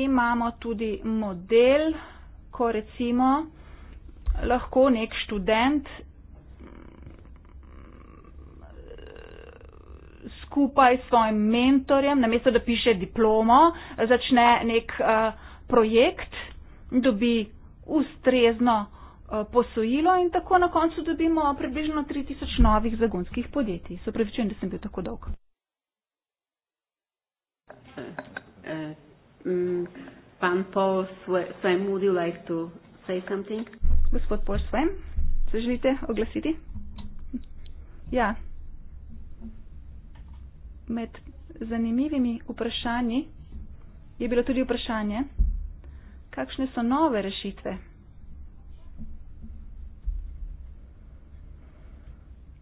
Imamo tudi model, ko recimo lahko nek študent skupaj s svojim mentorjem, namesto da piše diplomo, začne nek eh, projekt, dobi ustrezno eh, posojilo in tako na koncu dobimo približno 3000 novih zagonskih podjetij. Se pravičujem, da sem bil tako dolg. Eh, mm, pan Paul Svem, would you like to say something? Gospod Paul Svem, se želite oglasiti? Ja. Yeah med zanimivimi vprašanji je bilo tudi vprašanje, kakšne so nove rešitve.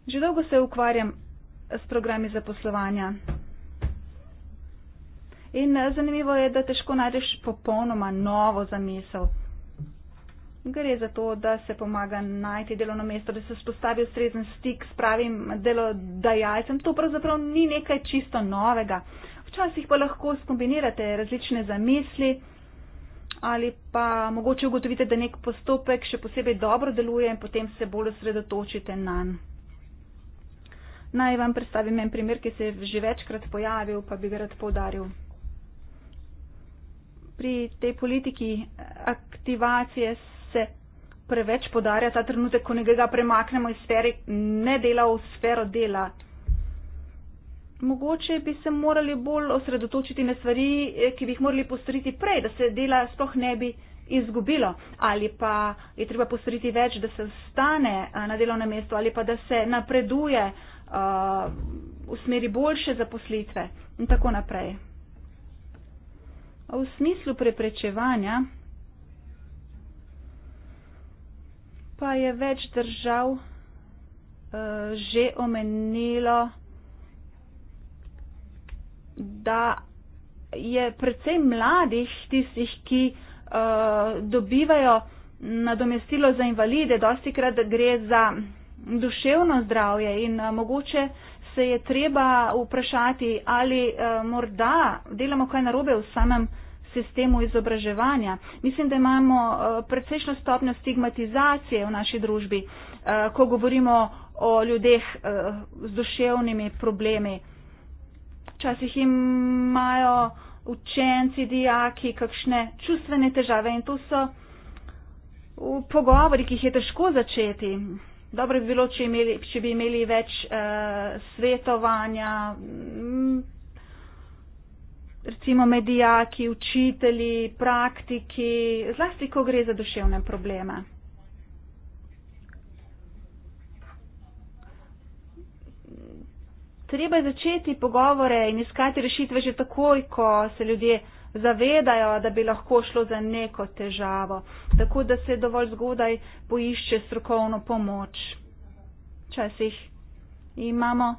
Že dolgo se ukvarjam s programi zaposlovanja. In eh, zanimivo je, da težko najdeš popolnoma novo zamisel. Gre za to, da se pomaga najti delovno mesto, da se spostavi ustrezen stik s pravim delodajalcem. To pravzaprav ni nekaj čisto novega. Včasih pa lahko skombinirate različne zamisli ali pa mogoče ugotovite, da nek postopek še posebej dobro deluje in potem se bolj osredotočite na nj. Naj vam predstavim en primer, ki se je že večkrat pojavil, pa bi ga rad podaril. Pri tej politiki aktivacije se preveč podarja ta trenutek, ko nekega premaknemo iz sfere ne dela v sfero dela. Mogoče bi se morali bolj osredotočiti na stvari, eh, ki bi jih morali postoriti prej, da se dela sploh ne bi izgubilo. Ali pa je treba postoriti več, da se stane eh, na delovnem mestu ali pa da se napreduje uh, v smeri boljše zaposlitve in tako naprej. V smislu preprečevanja pa je več držav uh, že omenilo, da je predvsem mladih tistih, ki uh, dobivajo nadomestilo za invalide, dosti krat gre za duševno zdravje in uh, mogoče se je treba vprašati, ali uh, morda delamo kaj narobe v samem sistemu izobraževanja. Mislim, da imamo eh, precejšno stopnjo stigmatizacije v naši družbi, eh, ko govorimo o ljudeh eh, z duševnimi problemi. Včasih imajo učenci, dijaki, kakšne čustvene težave in to so pogovori, ki jih je težko začeti. Dobro bi bilo, če, imeli, če bi imeli več uh, svetovanja, recimo medijaki, učitelji, praktiki, zlasti ko gre za duševne probleme. Treba je začeti pogovore in iskati rešitve že takoj, ko se ljudje zavedajo, da bi lahko šlo za neko težavo, tako da se dovolj zgodaj poišče strokovno pomoč. Včasih imamo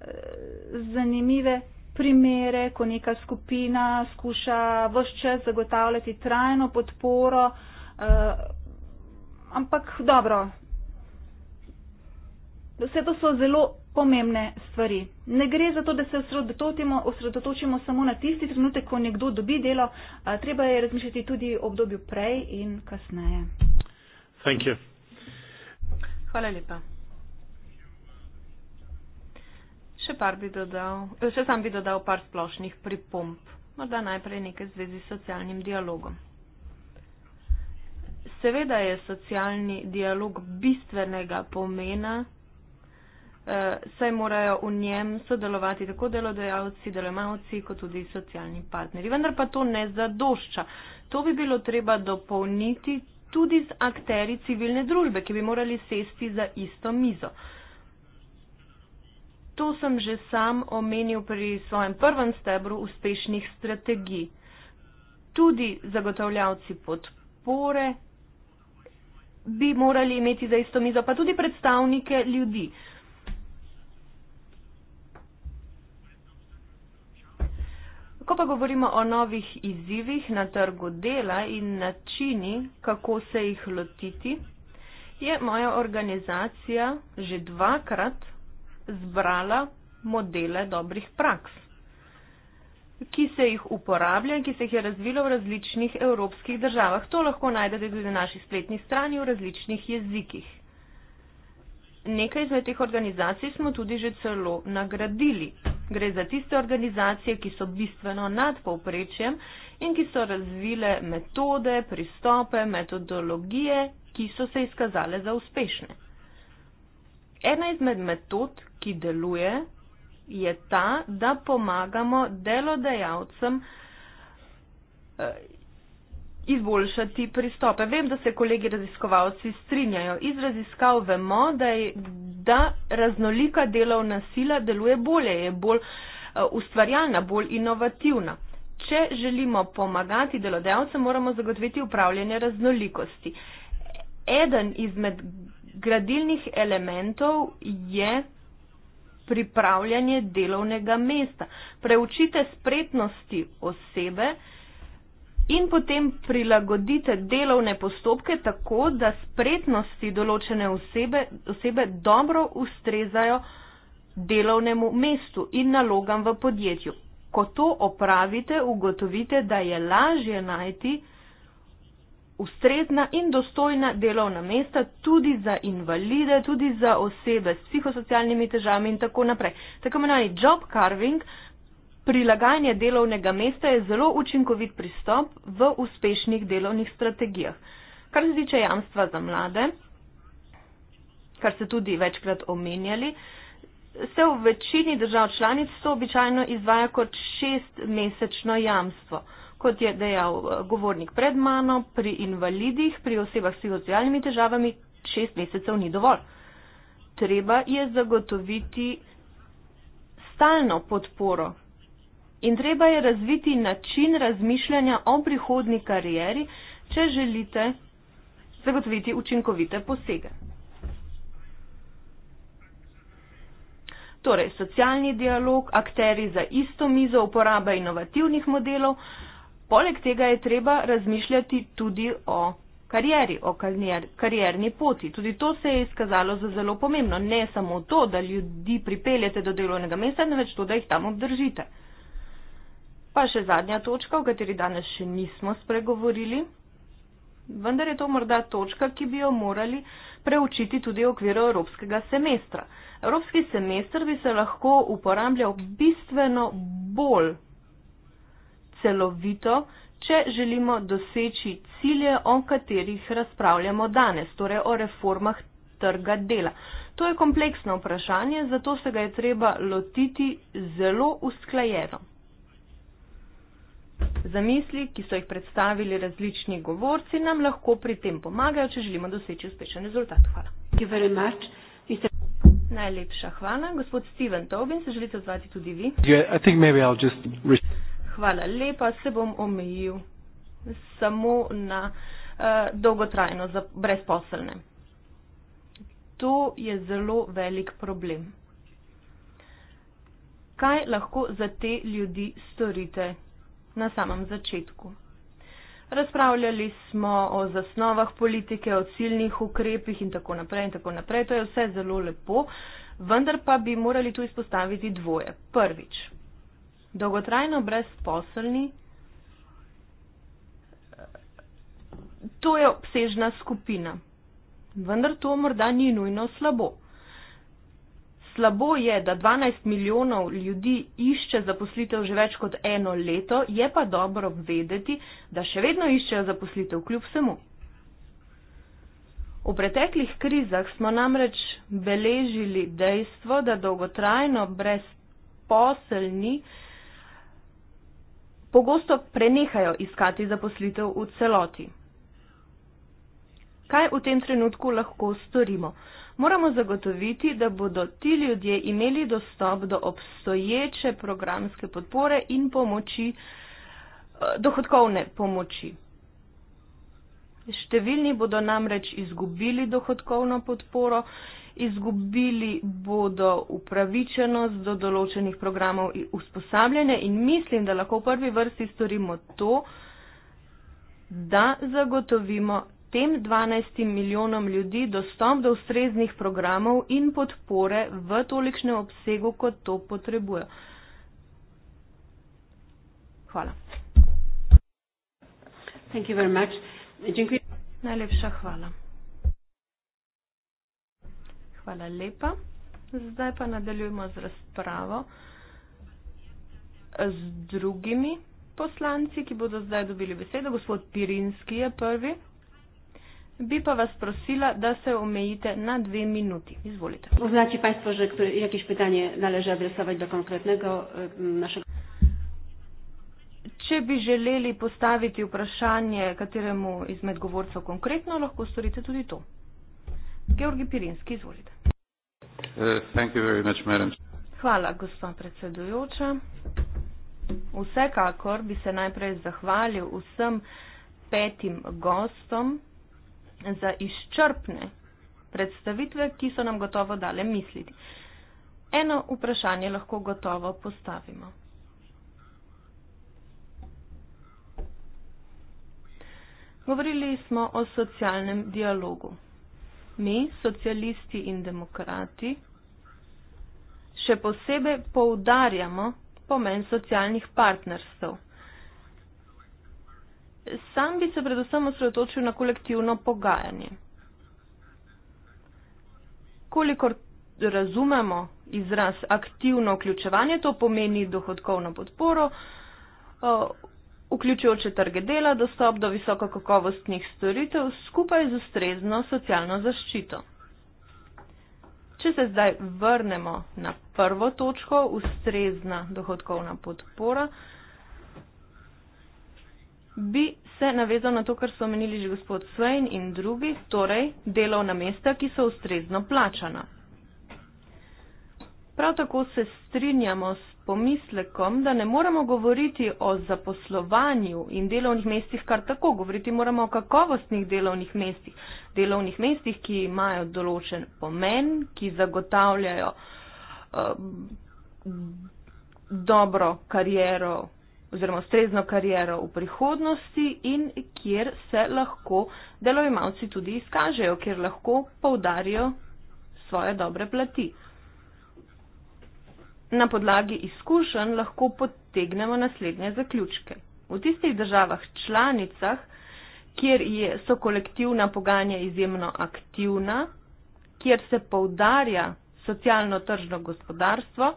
eh, zanimive primere, ko neka skupina skuša vse čas zagotavljati trajno podporo, uh, ampak dobro, vse to so zelo pomembne stvari. Ne gre za to, da se osredotočimo, osredotočimo samo na tisti trenutek, ko nekdo dobi delo, uh, treba je razmišljati tudi o obdobju prej in kasneje. Thank you. Hvala lepa. Še, par bi dodal, eh, še sam bi dodal par splošnih pripomb, morda najprej nekaj zvezi s socialnim dialogom. Seveda je socialni dialog bistvenega pomena, eh, saj morajo v njem sodelovati tako delodajalci, delojemalci, kot tudi socialni partneri. Vendar pa to ne zadošča. To bi bilo treba dopolniti tudi z akteri civilne družbe, ki bi morali sesti za isto mizo. To sem že sam omenil pri svojem prvem stebru uspešnih strategij. Tudi zagotavljavci podpore bi morali imeti za isto mizo, pa tudi predstavnike ljudi. Ko pa govorimo o novih izzivih na trgu dela in načini, kako se jih lotiti, je moja organizacija že dvakrat zbrala modele dobrih praks, ki se jih uporablja in ki se jih je razvilo v različnih evropskih državah. To lahko najdete tudi na naši spletni strani v različnih jezikih. Nekaj izmed teh organizacij smo tudi že celo nagradili. Gre za tiste organizacije, ki so bistveno nad povprečjem in ki so razvile metode, pristope, metodologije, ki so se izkazale za uspešne. Ena izmed metod, ki deluje, je ta, da pomagamo delodajalcem eh, izboljšati pristope. Vem, da se kolegi raziskovalci strinjajo. Iz raziskav vemo, da, je, da raznolika delovna sila deluje bolje, je bolj eh, ustvarjalna, bolj inovativna. Če želimo pomagati delodajalcem, moramo zagotoviti upravljanje raznolikosti. Eden izmed gradilnih elementov je pripravljanje delovnega mesta. Preučite spretnosti osebe in potem prilagodite delovne postopke tako, da spretnosti določene osebe, osebe dobro ustrezajo delovnemu mestu in nalogam v podjetju. Ko to opravite, ugotovite, da je lažje najti ustrezna in dostojna delovna mesta tudi za invalide, tudi za osebe s psihosocialnimi težavami in tako naprej. Tako imenovani job carving, prilagajanje delovnega mesta je zelo učinkovit pristop v uspešnih delovnih strategijah. Kar se tiče jamstva za mlade, kar ste tudi večkrat omenjali, se v večini držav članic to običajno izvaja kot šestmesečno jamstvo kot je dejal eh, govornik pred mano, pri invalidih, pri osebah s socialnimi težavami šest mesecev ni dovolj. Treba je zagotoviti stalno podporo in treba je razviti način razmišljanja o prihodni karieri, če želite zagotoviti učinkovite posege. Torej, socialni dialog, akteri za isto mizo, uporaba inovativnih modelov, Poleg tega je treba razmišljati tudi o karieri, o karier, karierni poti. Tudi to se je izkazalo za zelo pomembno. Ne samo to, da ljudi pripeljete do delovnega mesta, ne več to, da jih tam obdržite. Pa še zadnja točka, o kateri danes še nismo spregovorili, vendar je to morda točka, ki bi jo morali preučiti tudi v okviru evropskega semestra. Evropski semestr bi se lahko uporabljal bistveno bolj celovito, če želimo doseči cilje, o katerih razpravljamo danes, torej o reformah trga dela. To je kompleksno vprašanje, zato se ga je treba lotiti zelo usklajeno. Zamisli, ki so jih predstavili različni govorci, nam lahko pri tem pomagajo, če želimo doseči uspešen rezultat. Hvala. Najlepša hvala. Gospod Steven Tobin, se želite odzvati tudi vi? Yeah, Hvala lepa, se bom omejil samo na uh, dolgotrajno za brezposelne. To je zelo velik problem. Kaj lahko za te ljudi storite na samem začetku? Razpravljali smo o zasnovah politike, o ciljnih ukrepih in tako naprej in tako naprej. To je vse zelo lepo, vendar pa bi morali tu izpostaviti dvoje. Prvič, dolgotrajno brezposelni, to je obsežna skupina. Vendar to morda ni nujno slabo. Slabo je, da 12 milijonov ljudi išče zaposlitev že več kot eno leto, je pa dobro vedeti, da še vedno iščejo zaposlitev kljub vsemu. V preteklih krizah smo namreč beležili dejstvo, da dolgotrajno brezposelni pogosto prenehajo iskati zaposlitev v celoti. Kaj v tem trenutku lahko storimo? Moramo zagotoviti, da bodo ti ljudje imeli dostop do obstoječe programske podpore in pomoči, eh, dohodkovne pomoči. Številni bodo namreč izgubili dohodkovno podporo, izgubili bodo upravičenost do določenih programov usposabljanja in mislim, da lahko v prvi vrsti storimo to, da zagotovimo tem 12 milijonom ljudi dostop do ustreznih programov in podpore v tolikšnem obsegu, kot to potrebujo. Hvala. Thank you very much. Dziękuję. Najlepsza chwala. Hvala lepa. Zdaj pa nadaljujemo z razpravo z drugimi poslanci, ki bodo zdaj dobili besedo. Gospod Pirinski je prvi. Bi pa vas prosila, da se omejite na dve minuti. Izvolite. Poznate, Państwo, že jakieś pytanje należy adresować do konkretnego e, naszego. Če bi želeli postaviti vprašanje kateremu izmed govorcev konkretno, lahko storite tudi to. Georgi Pirinski, izvolite. Uh, Hvala, gospa predsedujoča. Vsekakor bi se najprej zahvalil vsem petim gostom za izčrpne predstavitve, ki so nam gotovo dale misliti. Eno vprašanje lahko gotovo postavimo. Govorili smo o socialnem dialogu. Mi, socialisti in demokrati, še posebej poudarjamo pomen socialnih partnerstv. Sam bi se predvsem osredotočil na kolektivno pogajanje. Kolikor razumemo izraz aktivno vključevanje, to pomeni dohodkovno podporo, vključujoče trge dela, dostop do visokokakovostnih storitev skupaj z ustrezno socialno zaščito. Če se zdaj vrnemo na prvo točko, ustrezna dohodkovna podpora, bi se navezal na to, kar so omenili že gospod Svein in drugi, torej delovna mesta, ki so ustrezno plačana. Prav tako se strinjamo s pomislekom, da ne moramo govoriti o zaposlovanju in delovnih mestih kar tako. Govoriti moramo o kakovostnih delovnih mestih. Delovnih mestih, ki imajo določen pomen, ki zagotavljajo eh, dobro kariero oziroma strezno kariero v prihodnosti in kjer se lahko delovimavci tudi izkažejo, kjer lahko poudarijo svoje dobre plati na podlagi izkušenj lahko potegnemo naslednje zaključke. V tistih državah članicah, kjer je, so kolektivna pogajanja izjemno aktivna, kjer se poudarja socialno-tržno gospodarstvo,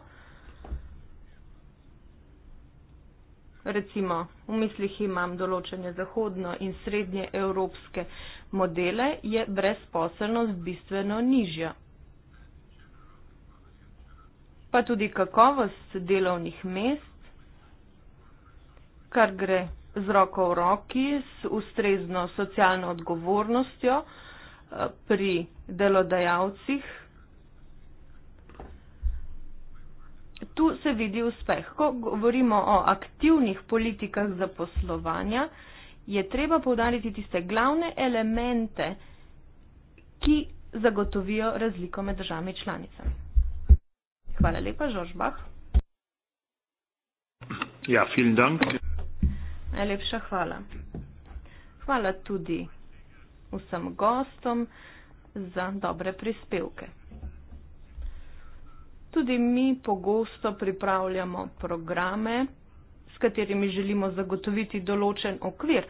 recimo v mislih imam določene zahodno in srednje evropske modele, je brezposelnost bistveno nižja pa tudi kakovost delovnih mest, kar gre z roko v roki, s ustrezno socialno odgovornostjo eh, pri delodajalcih. Tu se vidi uspeh. Ko govorimo o aktivnih politikah zaposlovanja, je treba povdariti tiste glavne elemente, ki zagotovijo razliko med državami članicami. Hvala lepa, Žožbah. Ja, vielen dank. Najlepša hvala. Hvala tudi vsem gostom za dobre prispevke. Tudi mi pogosto pripravljamo programe, s katerimi želimo zagotoviti določen okvir.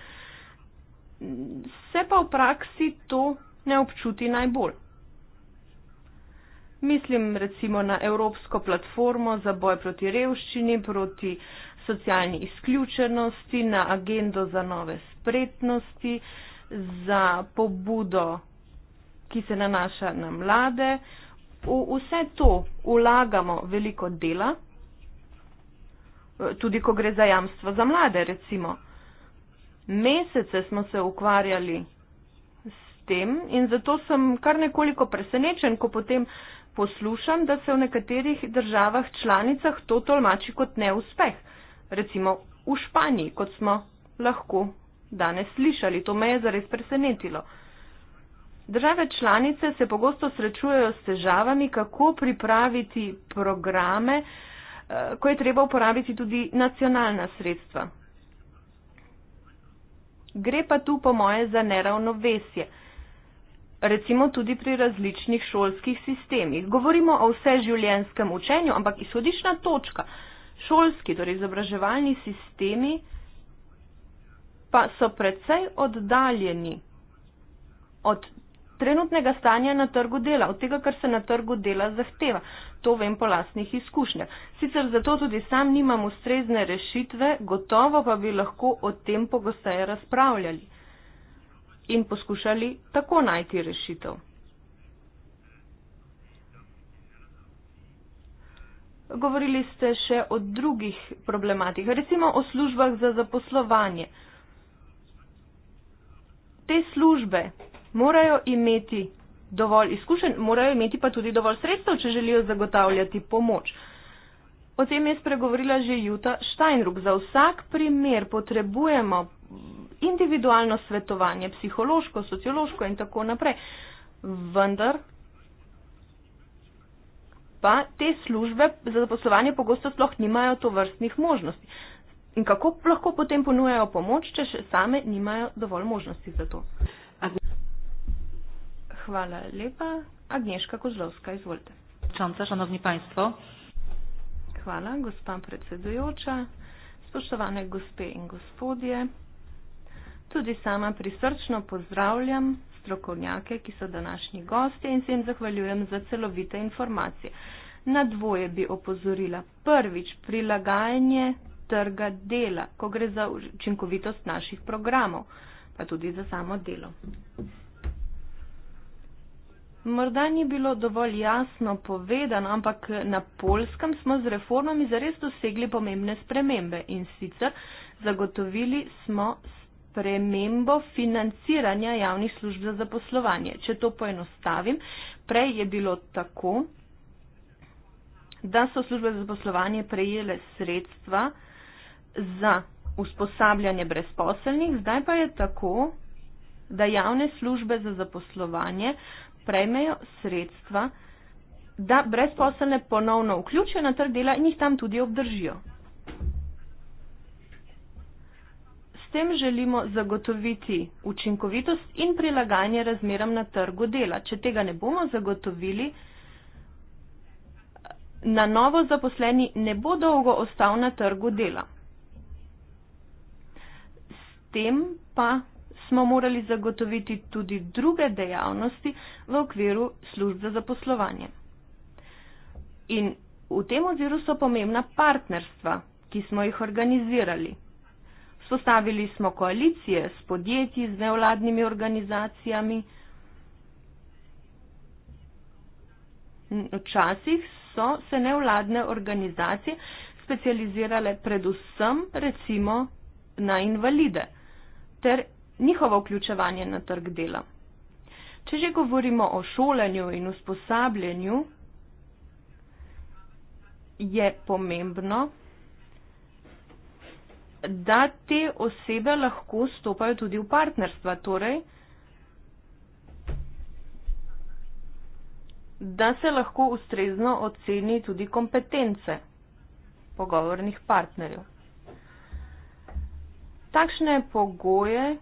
Se pa v praksi to ne občuti najbolj. Mislim recimo na Evropsko platformo za boj proti revščini, proti socialni izključenosti, na agendo za nove spretnosti, za pobudo, ki se nanaša na mlade. V vse to ulagamo veliko dela, tudi ko gre za jamstva za mlade recimo. Mesece smo se ukvarjali s tem in zato sem kar nekoliko presenečen, ko potem uh, poslušam, da se v nekaterih državah članicah to tolmači kot neuspeh. Recimo v Španiji, kot smo lahko danes slišali. To me je zares presenetilo. Države članice se pogosto srečujejo s težavami, kako pripraviti programe, eh, ko je treba uporabiti tudi nacionalna sredstva. Gre pa tu po moje za neravnovesje recimo tudi pri različnih šolskih sistemih. Govorimo o vseživljenjskem učenju, ampak izhodišna točka, šolski, torej izobraževalni sistemi, pa so precej oddaljeni od trenutnega stanja na trgu dela, od tega, kar se na trgu dela zahteva. To vem po lasnih izkušnjah. Sicer zato tudi sam nimam ustrezne rešitve, gotovo pa bi lahko o tem pogosteje razpravljali in poskušali tako najti rešitev. Govorili ste še o drugih problematikah, recimo o službah za zaposlovanje. Te službe morajo imeti dovolj izkušenj, morajo imeti pa tudi dovolj sredstev, če želijo zagotavljati pomoč. O tem je spregovorila že Juta Steinruck. Za vsak primer potrebujemo individualno svetovanje, psihološko, sociološko in tako naprej. Vendar pa te službe za zaposlovanje pogosto sploh nimajo to vrstnih možnosti. In kako lahko potem ponujajo pomoč, če še same nimajo dovolj možnosti za to? Hvala lepa. Agneška Kozlovska, izvolite. Čanca, šanovni państvo. Hvala, gospa predsedujoča. Spoštovane gospe in gospodje. Tudi sama prisrčno pozdravljam strokovnjake, ki so današnji gosti in se jim zahvaljujem za celovite informacije. Na dvoje bi opozorila. Prvič, prilagajanje trga dela, ko gre za učinkovitost naših programov, pa tudi za samo delo. Morda ni bilo dovolj jasno povedano, ampak na polskem smo z reformami zares dosegli pomembne spremembe in sicer zagotovili smo spremembo financiranja javnih služb za zaposlovanje. Če to poenostavim, prej je bilo tako, da so službe za zaposlovanje prejele sredstva za usposabljanje brezposelnih, zdaj pa je tako, da javne službe za zaposlovanje prejmejo sredstva, da brezposelne ponovno vključijo na trg dela in jih tam tudi obdržijo. tem želimo zagotoviti učinkovitost in prilagajanje razmeram na trgu dela. Če tega ne bomo zagotovili, na novo zaposleni ne bo dolgo ostal na trgu dela. S tem pa smo morali zagotoviti tudi druge dejavnosti v okviru služb za zaposlovanje. In v tem oziru so pomembna partnerstva, ki smo jih organizirali. Vzpostavili smo koalicije s podjetji, z nevladnimi organizacijami. Včasih so se nevladne organizacije specializirale predvsem recimo na invalide ter njihovo vključevanje na trg dela. Če že govorimo o šolanju in usposabljanju, je pomembno, da te osebe lahko stopajo tudi v partnerstva. Torej, da se lahko ustrezno oceni tudi kompetence pogovornih partnerjev. Takšne pogoje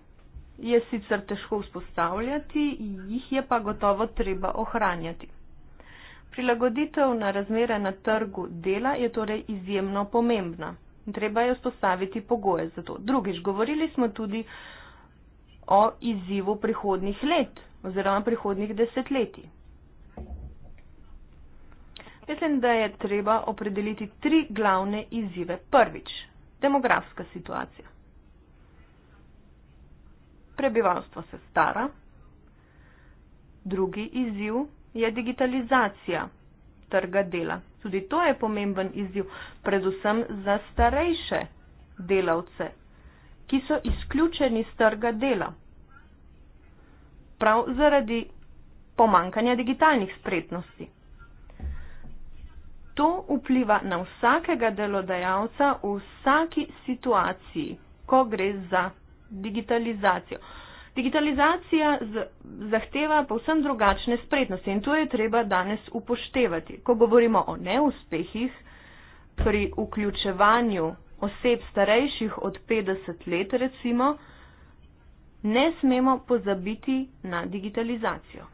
je sicer težko vzpostavljati, jih je pa gotovo treba ohranjati. Prilagoditev na razmere na trgu dela je torej izjemno pomembna. Treba je vzpostaviti pogoje za to. Drugič, govorili smo tudi o izzivu prihodnih let oziroma prihodnih desetletij. Mislim, da je treba opredeliti tri glavne izzive. Prvič, demografska situacija. Prebivalstvo se stara. Drugi izziv je digitalizacija trga dela. Tudi to je pomemben izziv, predvsem za starejše delavce, ki so izključeni z trga dela. Prav zaradi pomankanja digitalnih spretnosti. To vpliva na vsakega delodajalca v vsaki situaciji, ko gre za digitalizacijo. Digitalizacija zahteva povsem drugačne spretnosti in to je treba danes upoštevati. Ko govorimo o neuspehih pri vključevanju oseb starejših od 50 let, recimo, ne smemo pozabiti na digitalizacijo.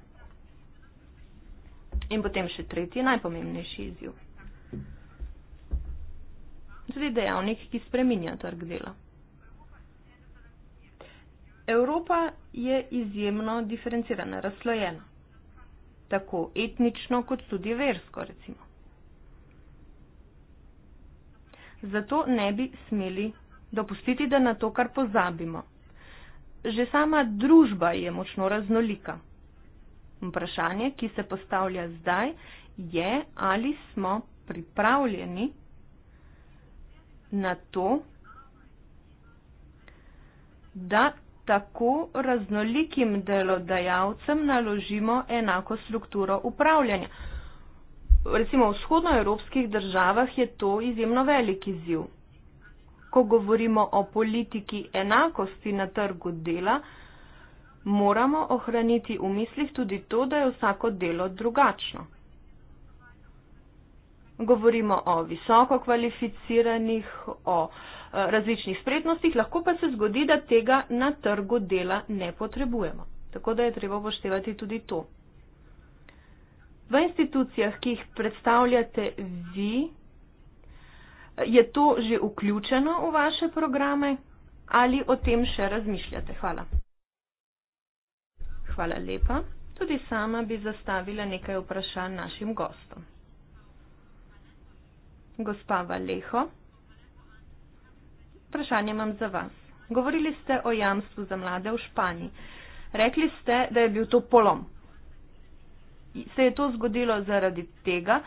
In potem še tretji, najpomembnejši izjiv. Tudi dejavnik, ki spreminja trg dela. Evropa je izjemno diferencirana, razslojena, tako etnično kot tudi versko, recimo. Zato ne bi smeli dopustiti, da na to, kar pozabimo. Že sama družba je močno raznolika. Vprašanje, ki se postavlja zdaj, je, ali smo pripravljeni na to, da tako raznolikim delodajalcem naložimo enako strukturo upravljanja. Recimo v vzhodnoevropskih državah je to izjemno veliki ziv. Ko govorimo o politiki enakosti na trgu dela, moramo ohraniti v mislih tudi to, da je vsako delo drugačno. Govorimo o visoko kvalificiranih, o uh, Eh, različnih spretnostih, lahko pa se zgodi, da tega na trgu dela ne potrebujemo. Tako da je treba upoštevati tudi to. V institucijah, ki jih predstavljate vi, eh, je to že vključeno v vaše programe ali o tem še razmišljate? Hvala. Hvala lepa. Tudi sama bi zastavila nekaj vprašanj našim gostom. Gospa Valeho. Vprašanje imam za vas. Govorili ste o jamstvu za mlade v Španiji. Rekli ste, da je bil to polom. Se je to zgodilo zaradi tega,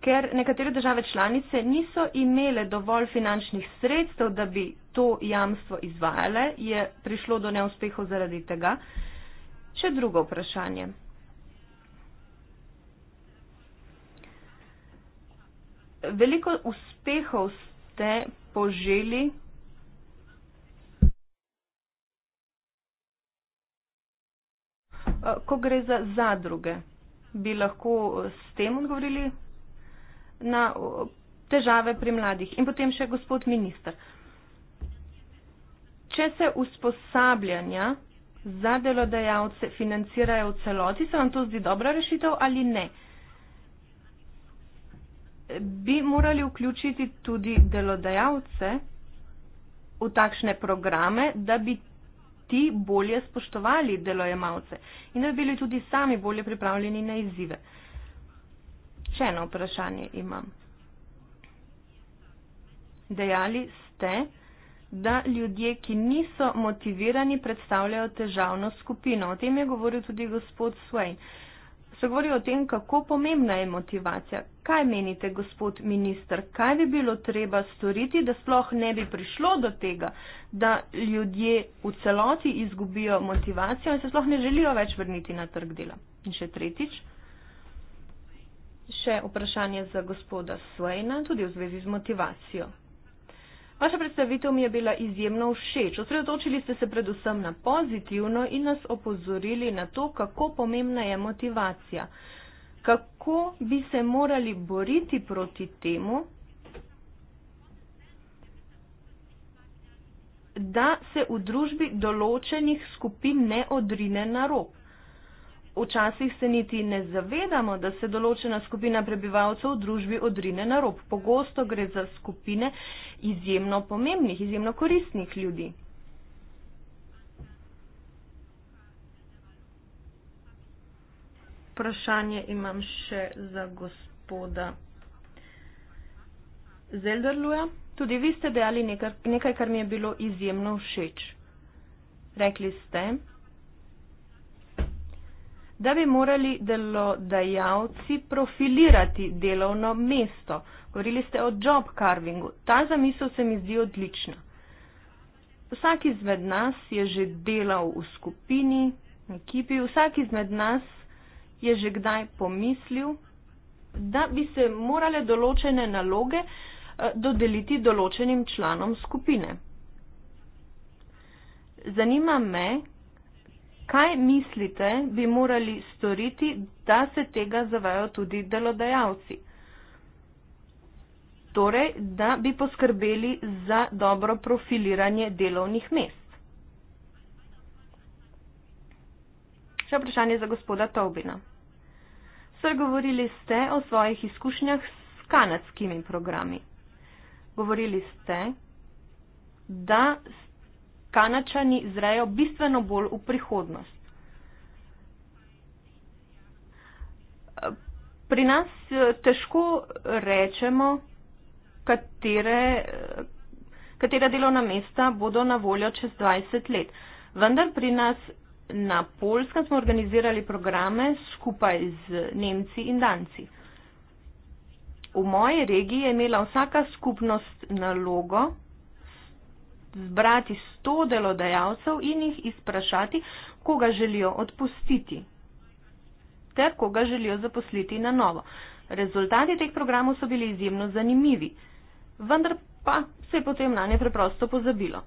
ker nekatere države članice niso imele dovolj finančnih sredstev, da bi to jamstvo izvajale, je prišlo do neuspehov zaradi tega. Še drugo vprašanje. Veliko uspehov ste poželi Eh, ko gre za zadruge. Bi lahko eh, s tem odgovorili na eh, težave pri mladih. In potem še gospod minister. Če se usposabljanja za delodajalce financirajo v celoti, se vam to zdi dobra rešitev ali ne? Bi morali vključiti tudi delodajalce v takšne programe, da bi ti bolje spoštovali delojemalce in da bi bili tudi sami bolje pripravljeni na izzive. Še eno vprašanje imam. Dejali ste, da ljudje, ki niso motivirani, predstavljajo težavno skupino. O tem je govoril tudi gospod Svej. Uh, govori o tem, kako pomembna je motivacija. Kaj menite, gospod minister, kaj bi bilo treba storiti, da sploh ne bi prišlo do tega, da ljudje v celoti izgubijo motivacijo in se sploh ne želijo več vrniti na trg dela? In še tretjič, še vprašanje za gospoda Svojna, tudi v zvezi z motivacijo. Vaša predstavitev mi je bila izjemno všeč. Osredotočili ste se predvsem na pozitivno in nas opozorili na to, kako pomembna je motivacija. Kako bi se morali boriti proti temu, da se v družbi določenih skupin ne odrine na rok? Včasih se niti ne zavedamo, da se določena skupina prebivalcev v družbi odrine na rob. Pogosto gre za skupine izjemno pomembnih, izjemno koristnih ljudi. Vprašanje imam še za gospoda Zelderluja. Tudi vi ste dejali nekaj, kar mi je bilo izjemno všeč. Rekli ste, da bi morali delodajalci profilirati delovno mesto. Govorili ste o job carvingu. Ta zamisel se mi zdi odlična. Vsak izmed nas je že delal v skupini, v ekipi, vsak izmed nas je že kdaj pomislil, da bi se morale določene naloge eh, dodeliti določenim članom skupine. Zanima me, Kaj mislite, bi morali storiti, da se tega zavajo tudi delodajalci? Torej, da bi poskrbeli za dobro profiliranje delovnih mest. Še vprašanje za gospoda Tobina. Sr. govorili ste o svojih izkušnjah s kanadskimi programi. Govorili ste, da ste kanačani zrejo bistveno bolj v prihodnost. Pri nas eh, težko rečemo, katere, eh, katera delovna mesta bodo na voljo čez 20 let. Vendar pri nas na Polskem smo organizirali programe skupaj z Nemci in Danci. V moji regiji je imela vsaka skupnost nalogo, zbrati sto delodajalcev in jih izprašati, koga želijo odpustiti ter koga želijo zaposliti na novo. Rezultati teh programov so bili izjemno zanimivi, vendar pa se je potem na ne preprosto pozabilo.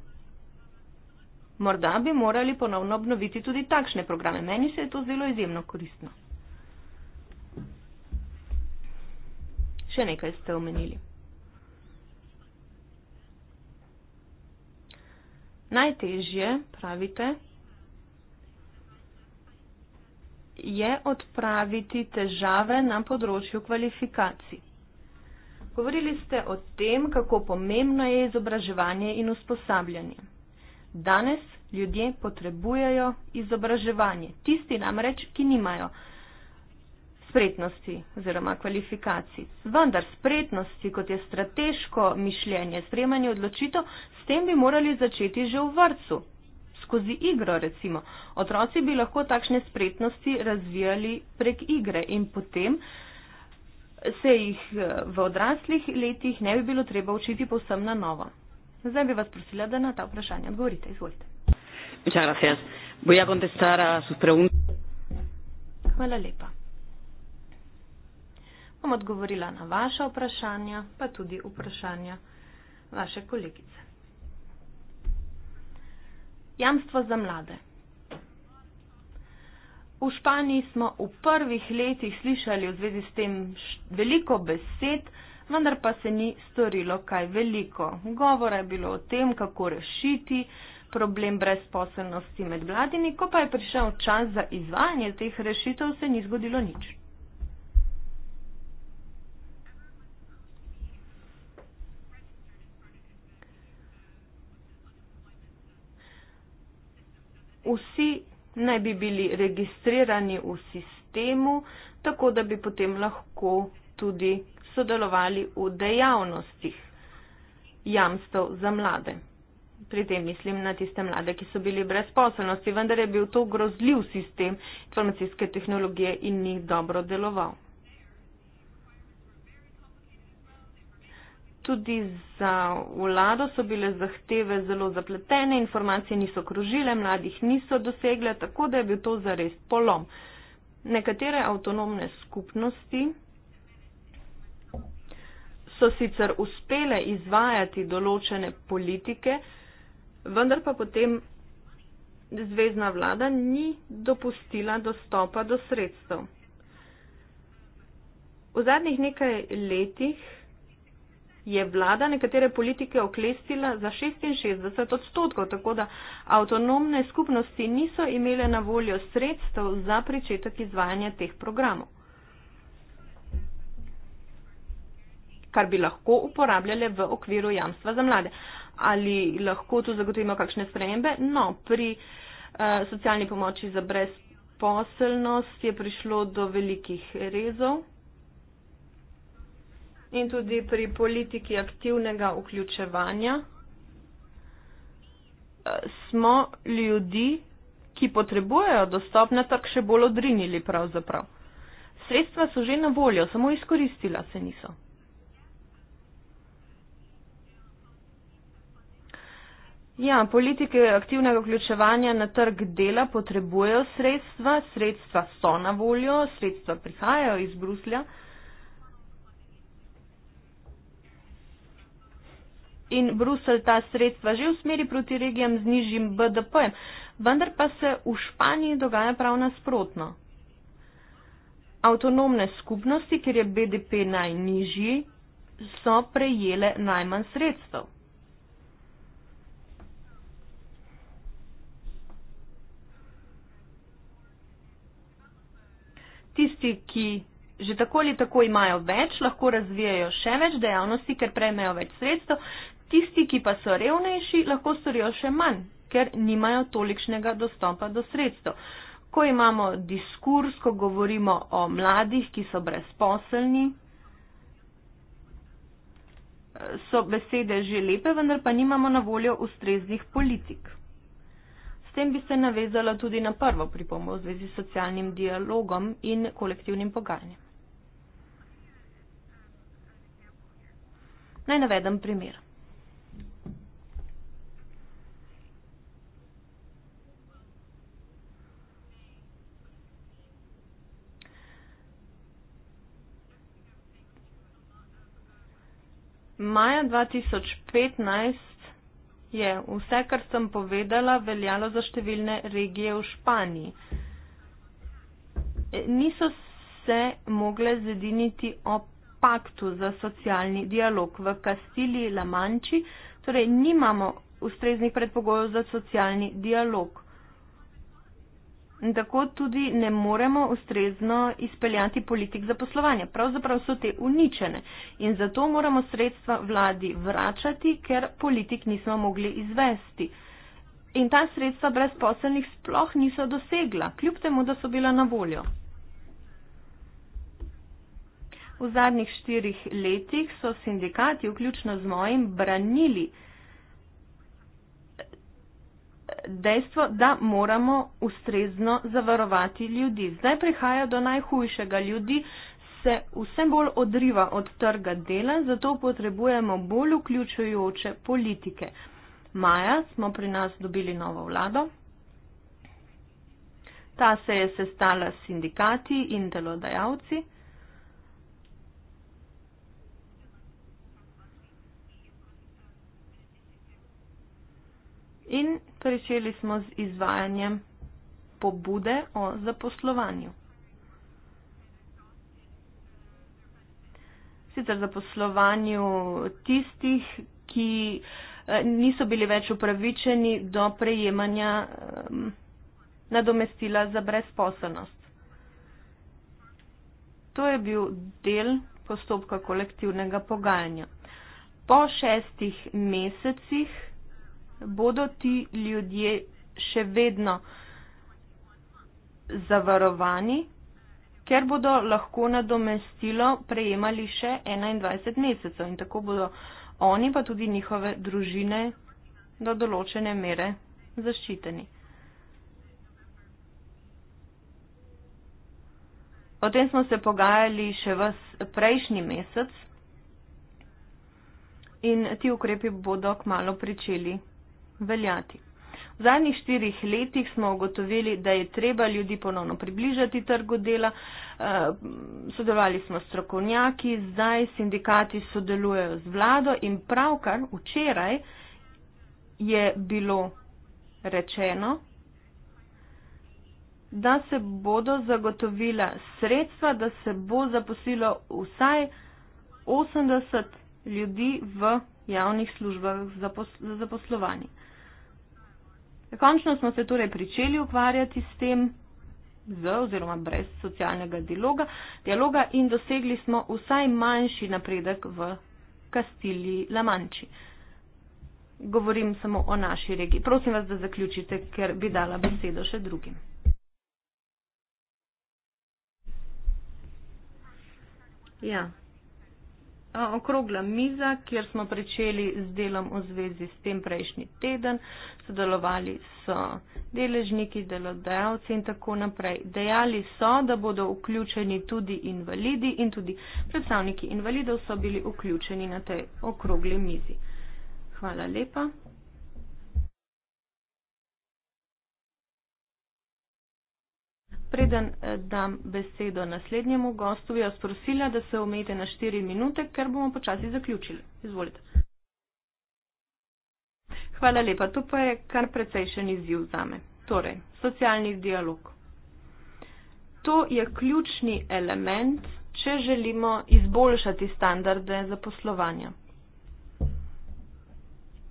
Morda bi morali ponovno obnoviti tudi takšne programe. Meni se je to zelo izjemno koristno. Še nekaj ste omenili. Najtežje, pravite, je odpraviti težave na področju kvalifikacij. Govorili ste o tem, kako pomembno je izobraževanje in usposabljanje. Danes ljudje potrebujejo izobraževanje, tisti namreč, ki nimajo spretnosti oziroma kvalifikacij. Vendar spretnosti, kot je strateško mišljenje, sprejemanje odločitev, s tem bi morali začeti že v vrtu. Skozi igro, recimo. Otroci bi lahko takšne spretnosti razvijali prek igre in potem se jih eh, v odraslih letih ne bi bilo treba učiti povsem na novo. Zdaj bi vas prosila, da na ta vprašanja odgovorite. Izvolite. Hvala lepa bom odgovorila na vaše vprašanja, pa tudi vprašanja vaše kolegice. Jamstvo za mlade. V Španiji smo v prvih letih slišali v zvezi s tem veliko besed, vendar pa se ni storilo kaj veliko. Govora je bilo o tem, kako rešiti problem brezposelnosti med mladimi, ko pa je prišel čas za izvajanje teh rešitev, se ni zgodilo nič. vsi naj bi bili registrirani v sistemu, tako da bi potem lahko tudi sodelovali v dejavnostih jamstev za mlade. Pri tem mislim na tiste mlade, ki so bili brezposelnosti, vendar je bil to grozljiv sistem informacijske tehnologije in ni dobro deloval. tudi za vlado so bile zahteve zelo zapletene, informacije niso krožile, mladih niso dosegle, tako da je bil to zares polom. Nekatere avtonomne skupnosti so sicer uspele izvajati določene politike, vendar pa potem zvezdna vlada ni dopustila dostopa do sredstev. V zadnjih nekaj letih je vlada nekatere politike oklestila za 66 odstotkov, tako da avtonomne skupnosti niso imele na voljo sredstev za pričetek izvajanja teh programov, kar bi lahko uporabljale v okviru jamstva za mlade. Ali lahko tu zagotovimo kakšne spremembe? No, pri eh, socialni pomoči za brezposelnost je prišlo do velikih rezov in tudi pri politiki aktivnega vključevanja eh, smo ljudi, ki potrebujejo dostop na trg, še bolj odrinili pravzaprav. Sredstva so že na voljo, samo izkoristila se niso. Ja, politike aktivnega vključevanja na trg dela potrebujejo sredstva, sredstva so na voljo, sredstva prihajajo iz Bruslja. in Bruselj ta sredstva že usmeri proti regijam z nižjim BDP-jem, vendar pa se v Španiji dogaja prav nasprotno. Avtonomne skupnosti, kjer je BDP najnižji, so prejele najmanj sredstev. Tisti, ki že tako ali tako imajo več, lahko razvijajo še več dejavnosti, ker prejmejo več sredstev, tisti, ki pa so revnejši, lahko storijo še manj, ker nimajo tolikšnega dostopa do sredstev. Ko imamo diskurs, ko govorimo o mladih, ki so brezposelni, so besede že lepe, vendar pa nimamo na voljo ustreznih politik. S tem bi se navezala tudi na prvo pripombo v zvezi s socialnim dialogom in kolektivnim pogajanjem. Naj navedem primer. Maja 2015 je vse, kar sem povedala, veljalo za številne regije v Španiji. E, niso se mogle zediniti o paktu za socialni dialog v Kastiliji La Manči, torej nimamo ustreznih predpogojev za socialni dialog in tako tudi ne moremo ustrezno izpeljati politik zaposlovanja. Pravzaprav so te uničene in zato moramo sredstva vladi vračati, ker politik nismo mogli izvesti. In ta sredstva brezposelnih sploh niso dosegla, kljub temu, da so bila na voljo. V zadnjih štirih letih so sindikati, vključno z mojim, branili dejstvo, da moramo ustrezno zavarovati ljudi. Zdaj prihaja do najhujšega. Ljudi se vse bolj odriva od trga dela, zato potrebujemo bolj vključujoče politike. Maja smo pri nas dobili novo vlado. Ta se je sestala s sindikati in delodajalci. In Pričeli smo z izvajanjem pobude o zaposlovanju. Sicer zaposlovanju tistih, ki eh, niso bili več upravičeni do prejemanja nadomestila za brezposelnost. To je bil del postopka kolektivnega pogajanja. Po šestih mesecih bodo ti ljudje še vedno zavarovani, ker bodo lahko nadomestilo prejemali še 21 mesecev in tako bodo oni pa tudi njihove družine do določene mere zaščiteni. O tem smo se pogajali še v prejšnji mesec in ti ukrepi bodo kmalo pričeli veljati. V zadnjih štirih letih smo ugotovili, da je treba ljudi ponovno približati trgu dela. Eh, sodelovali smo s strokovnjaki, zdaj sindikati sodelujejo z vlado in pravkar včeraj je bilo rečeno, da se bodo zagotovila sredstva, da se bo zaposlilo vsaj 80 ljudi v javnih službah za zaposlovanje. Končno smo se torej pričeli ukvarjati s tem, z oziroma brez socialnega dialoga, dialoga in dosegli smo vsaj manjši napredek v Kastilji Lamanči. Govorim samo o naši regiji. Prosim vas, da zaključite, ker bi dala besedo še drugim. Ja okrogla miza, kjer smo pričeli z delom v zvezi s tem prejšnji teden. Sodelovali so deležniki, delodajalci in tako naprej. Dejali so, da bodo vključeni tudi invalidi in tudi predstavniki invalidov so bili vključeni na tej okrogli mizi. Hvala lepa. preden eh, dam besedo naslednjemu gostu, bi vas prosila, da se omejite na 4 minute, ker bomo počasi zaključili. Izvolite. Hvala lepa. To pa je kar precejšen izziv za me. Torej, socialni dialog. To je ključni element, če želimo izboljšati standarde zaposlovanja.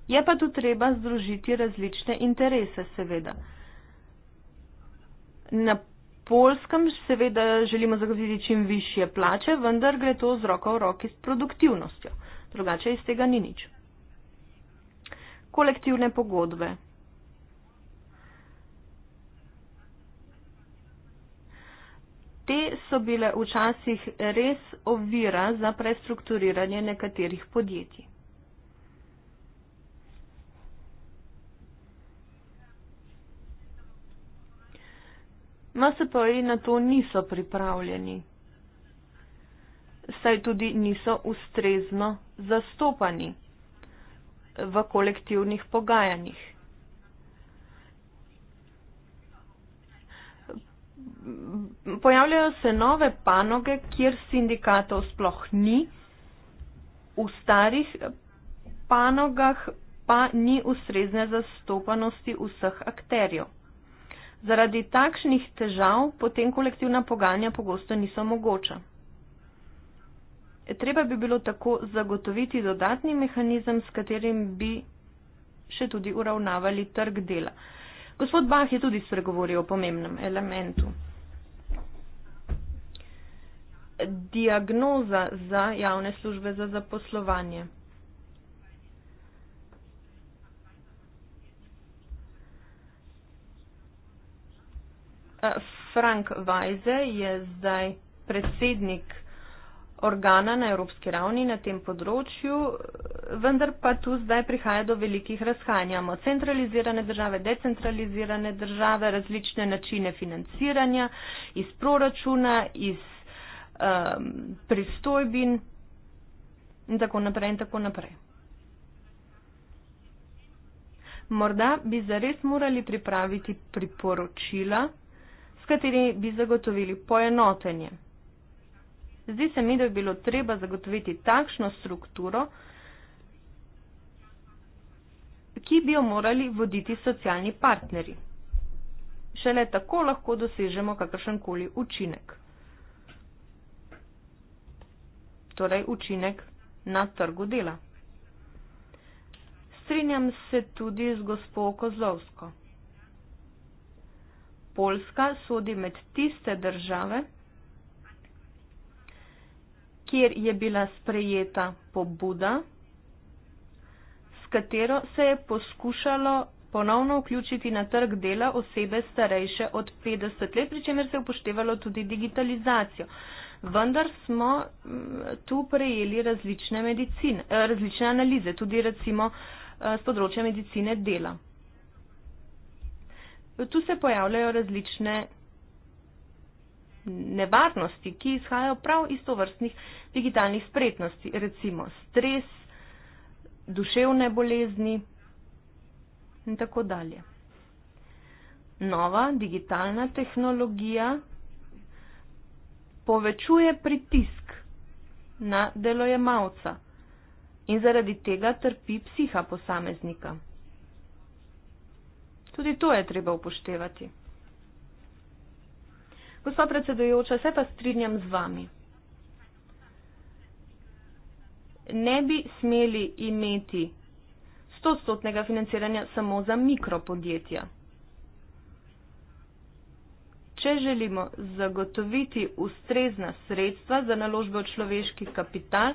Je pa tu treba združiti različne interese, seveda. Na Polskem seveda želimo zagotoviti čim više plače, vendar gre to z roko v roki s produktivnostjo. Drugače iz tega ni nič. Kolektivne pogodbe. Te so bile včasih res ovira za prestrukturiranje nekaterih podjetij. MSP-ji no, na to niso pripravljeni, saj tudi niso ustrezno zastopani v kolektivnih pogajanjih. Pojavljajo se nove panoge, kjer sindikatov sploh ni, v starih panogah pa ni ustrezne zastopanosti vseh akterjev. Zaradi takšnih težav potem kolektivna pogajanja pogosto niso mogoča. Treba bi bilo tako zagotoviti dodatni mehanizem, s katerim bi še tudi uravnavali trg dela. Gospod Bah je tudi spregovoril o pomembnem elementu. Diagnoza za javne službe za zaposlovanje. Frank Weise je zdaj predsednik organa na evropski ravni na tem področju, vendar pa tu zdaj prihaja do velikih razhajanj. Imamo centralizirane države, decentralizirane države, različne načine financiranja iz proračuna, iz um, pristojbin in tako naprej in tako naprej. Morda bi zares morali pripraviti priporočila, s katerimi bi zagotovili poenotenje. Zdi se mi, da bi bilo treba zagotoviti takšno strukturo, ki bi jo morali voditi socialni partneri. Šele tako lahko dosežemo kakršenkoli učinek. Torej, učinek na trgu dela. Strinjam se tudi z gospo Kozlovsko. Poljska sodi med tiste države, kjer je bila sprejeta pobuda, s katero se je poskušalo ponovno vključiti na trg dela osebe starejše od 50 let, pri čemer se je upoštevalo tudi digitalizacijo. Vendar smo tu prejeli različne, medicine, eh, različne analize, tudi recimo z eh, področja medicine dela tu se pojavljajo različne nevarnosti, ki izhajajo prav iz tovrstnih digitalnih spretnosti, recimo stres, duševne bolezni in tako dalje. Nova digitalna tehnologija povečuje pritisk na delojemalca in zaradi tega trpi psiha posameznika. Tudi to je treba upoštevati. Gospa predsedujoča, se pa strinjam z vami. Ne bi smeli imeti stotstotnega financiranja samo za mikropodjetja. Če želimo zagotoviti ustrezna sredstva za naložbe v človeški kapital,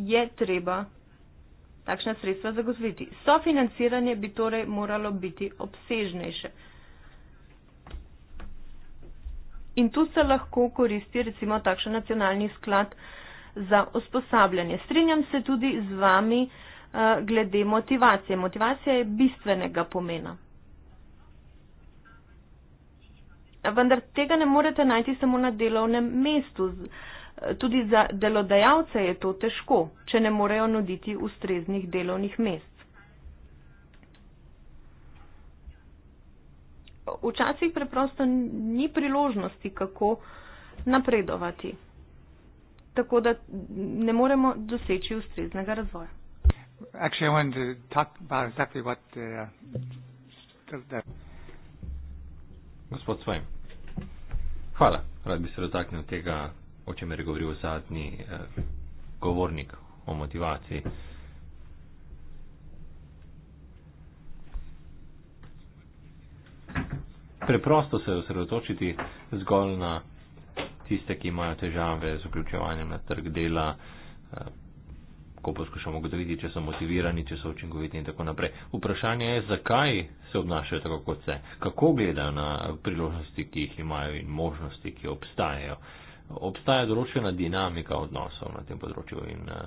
je treba takšna sredstva zagotoviti. Sofinanciranje bi torej moralo biti obsežnejše. In tu se lahko koristi recimo takšen nacionalni sklad za usposabljanje. Strinjam se tudi z vami uh, glede motivacije. Motivacija je bistvenega pomena. Vendar tega ne morete najti samo na delovnem mestu. Uh, Tudi za delodajalce je to težko, če ne morejo nuditi ustreznih delovnih mest. Včasih preprosto ni priložnosti, kako napredovati, tako da ne moremo doseči ustreznega razvoja. Actually, uh, Gospod Svojim, hvala, rad bi se dotaknil tega o čemer je govoril zadnji eh, govornik o motivaciji. Preprosto se osredotočiti zgolj na tiste, ki imajo težave z vključevanjem na trg dela, eh, ko poskušamo ugotoviti, če so motivirani, če so učinkoviti in tako naprej. Vprašanje je, zakaj se obnašajo tako, kot se, kako gledajo na priložnosti, ki jih imajo in možnosti, ki obstajajo obstaja določena dinamika odnosov na tem področju in eh,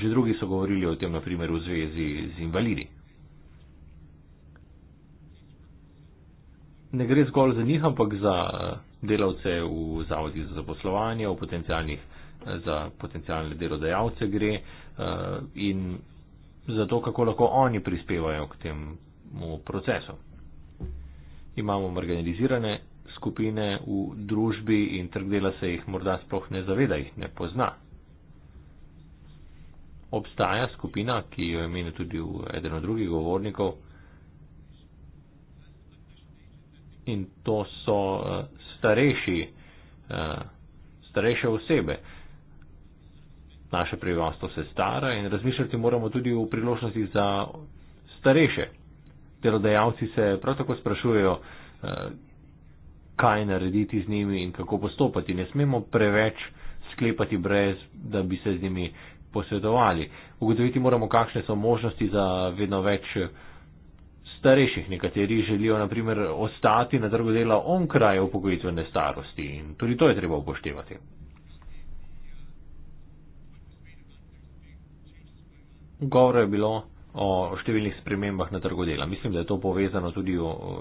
že drugi so govorili o tem, na primer, v zvezi z invalidi. Ne gre zgolj za njih, ampak za eh, delavce v zavodih za zaposlovanje, potencialnih, eh, za potencijalne delodajalce gre in za to, kako lahko oni prispevajo k temu procesu. Imamo marginalizirane skupine v družbi in trg dela se jih morda sploh ne zaveda, jih ne pozna. Obstaja skupina, ki jo imenuje tudi v eden od drugih govornikov, in to so eh, starejši, eh, starejše osebe. Naše prebivalstvo se stara in razmišljati moramo tudi o priložnosti za starejše. Delodajalci se prav tako sprašujejo, eh, kaj narediti z njimi in kako postopati. Ne smemo preveč sklepati brez, da bi se z njimi posvetovali. Ugotoviti moramo, kakšne so možnosti za vedno več starejših. Nekateri želijo, na primer, ostati na trgu dela onkraj upokojitvene starosti in tudi to je treba upoštevati. Govor je bilo o številnih spremembah na trgu dela. Mislim, da je to povezano tudi o, o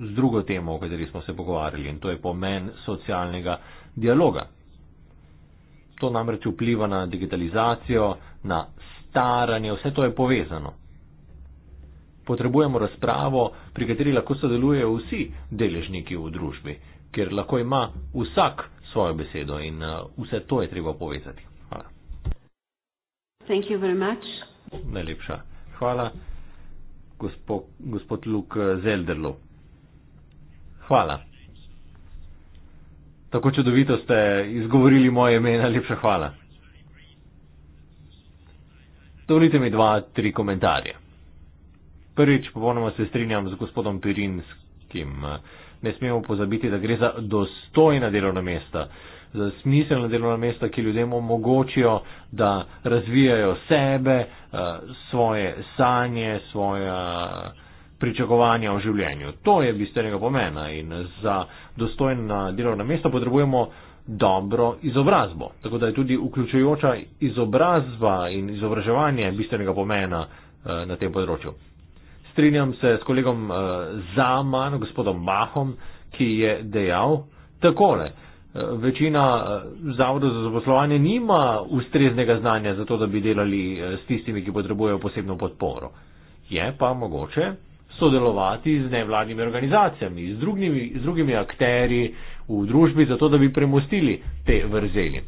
z drugo temo, o kateri smo se pogovarjali in to je pomen socialnega dialoga. To namreč vpliva na digitalizacijo, na staranje, vse to je povezano. Potrebujemo razpravo, pri kateri lahko sodelujejo vsi deležniki v družbi, ker lahko ima vsak svojo besedo in eh, vse to je treba povezati. Hvala. Najlepša. Hvala, gospod, gospod Luk Zelderlop. Hvala. Tako čudovito ste izgovorili moje ime, najlepša hvala. Dovolite mi dva, tri komentarje. Prvič, popolnoma se strinjam z gospodom Pirinskim. Ne smemo pozabiti, da gre za dostojna delovna mesta, za smiselna delovna mesta, ki ljudem omogočijo, da razvijajo sebe, eh, svoje sanje, svoje pričakovanja o življenju. To je bistvenega pomena in za dostojna delovna mesta potrebujemo dobro izobrazbo. Tako da je tudi vključujoča izobrazba in izobraževanje bistvenega pomena eh, na tem področju. Strinjam se s kolegom eh, Zaman, gospodom Mahom, ki je dejal takole. Eh, večina zavodov za zaposlovanje nima ustreznega znanja za to, da bi delali s tistimi, ki potrebujejo posebno podporo. Je pa mogoče sodelovati z nevladnimi organizacijami, z drugimi, z drugimi akteri v družbi, zato da bi premustili te vrzeli.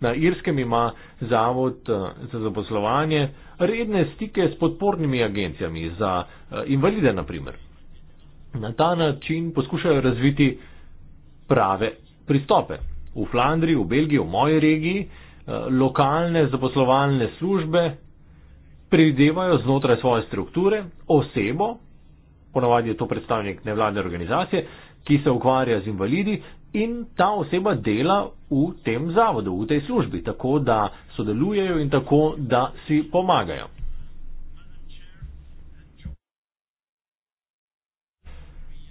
Na Irskem ima Zavod eh, za zaposlovanje redne stike s podpornimi agencijami za eh, invalide, naprimer. Na ta način poskušajo razviti prave pristope. V Flandriji, v Belgiji, v moji regiji, eh, lokalne zaposlovalne službe pridevajo znotraj svoje strukture osebo, ponavadi je to predstavnik nevladne organizacije, ki se ukvarja z invalidi in ta oseba dela v tem zavodu, v tej službi, tako da sodelujejo in tako da si pomagajo.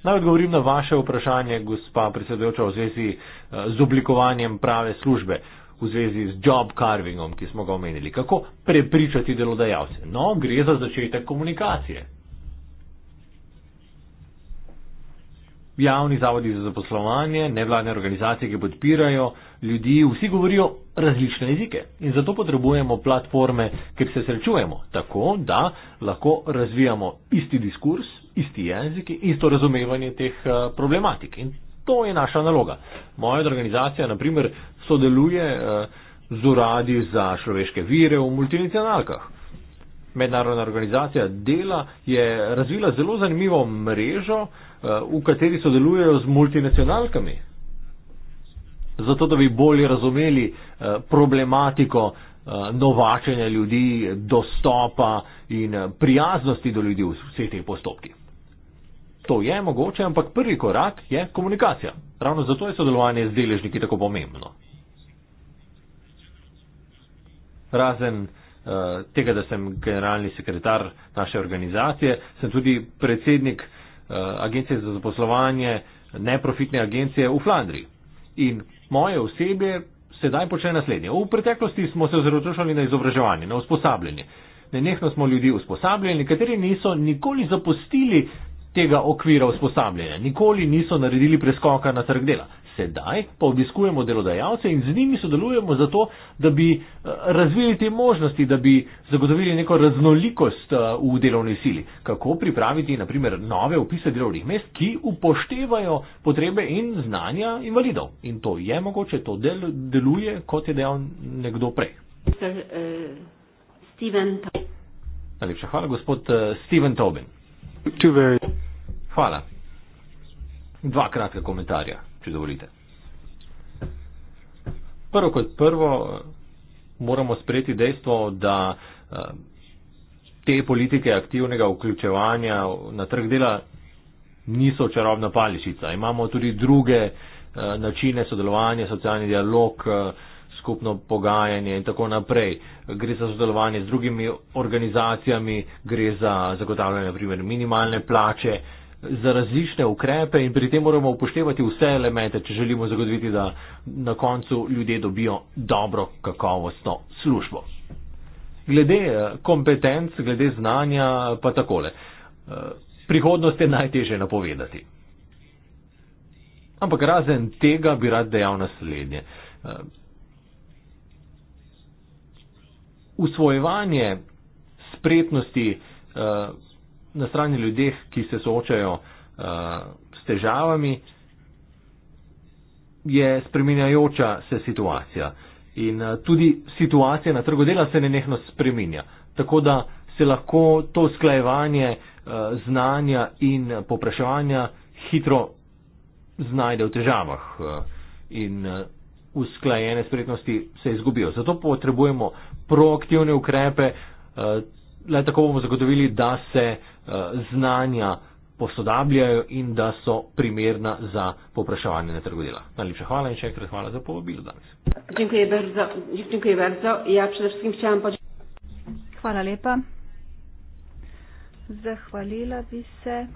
Naj odgovorim na vaše vprašanje, gospa predsedujoča, v zvezi eh, z oblikovanjem prave službe, v zvezi z job carvingom, ki smo ga omenili. Kako prepričati delodajalce? No, gre za začetek komunikacije. javni zavodi za zaposlovanje, nevladne organizacije, ki podpirajo ljudi, vsi govorijo različne jezike in zato potrebujemo platforme, kjer se srečujemo, tako da lahko razvijamo isti diskurs, isti jezik, isto razumevanje teh eh, problematik. In to je naša naloga. Moja organizacija, naprimer, sodeluje eh, z uradi za človeške vire v multinacionalkah mednarodna organizacija dela je razvila zelo zanimivo mrežo, eh, v kateri sodelujejo z multinacionalkami. Zato, da bi bolje razumeli eh, problematiko eh, novačenja ljudi, dostopa in prijaznosti do ljudi v vseh teh postopkih. To je mogoče, ampak prvi korak je komunikacija. Ravno zato je sodelovanje z deležniki tako pomembno. Razen uh, tega, da sem generalni sekretar naše organizacije, sem tudi predsednik uh, agencije za zaposlovanje neprofitne agencije v Flandriji. In moje osebje sedaj počne naslednje. V preteklosti smo se ozročali na izobraževanje, na usposabljanje. Nenehno smo ljudi usposabljali, nekateri niso nikoli zapustili tega okvira usposabljanja, nikoli niso naredili preskoka na trg dela sedaj pa obiskujemo delodajalce in z njimi sodelujemo zato, da bi eh, razvili te možnosti, da bi zagotovili neko raznolikost eh, v delovni sili. Kako pripraviti, naprimer, nove upise delovnih mest, ki upoštevajo potrebe in znanja invalidov. In to je mogoče, to del, deluje, kot je dejal nekdo prej. Eh, Najlepša hvala, gospod Steven Tobin. Hvala. Dva kratka komentarja če dovolite. Prvo kot prvo moramo sprejeti dejstvo, da eh, te politike aktivnega vključevanja na trg dela niso čarobna paličica. Imamo tudi druge eh, načine sodelovanja, socialni dialog, eh, skupno pogajanje in tako naprej. Gre za sodelovanje z drugimi organizacijami, gre za zagotavljanje, na primer, minimalne plače, za različne ukrepe in pri tem moramo upoštevati vse elemente, če želimo zagotoviti, da na koncu ljudje dobijo dobro kakovostno službo. Glede eh, kompetenc, glede znanja pa takole. Eh, prihodnost je najtežje napovedati. Ampak razen tega bi rad dejal naslednje. Eh, usvojevanje spretnosti na strani ljudeh, ki se soočajo uh, s težavami, je spreminjajoča se situacija. In uh, tudi situacija na trgu dela se nenehno spreminja. Tako da se lahko to sklajevanje uh, eh, znanja in popraševanja hitro znajde v težavah. Uh, in, uh, usklajene spretnosti se izgubijo. Zato potrebujemo proaktivne ukrepe, le tako bomo zagotovili, da se uh, Eh, znanja posodabljajo in da so primerna za popraševanje na trgu dela. Najlepša hvala in še enkrat hvala za povabilo danes. Dziękuję bardzo. Ja przede wszystkim chciałam podziękować. Hvala lepa. Zahvalila bi se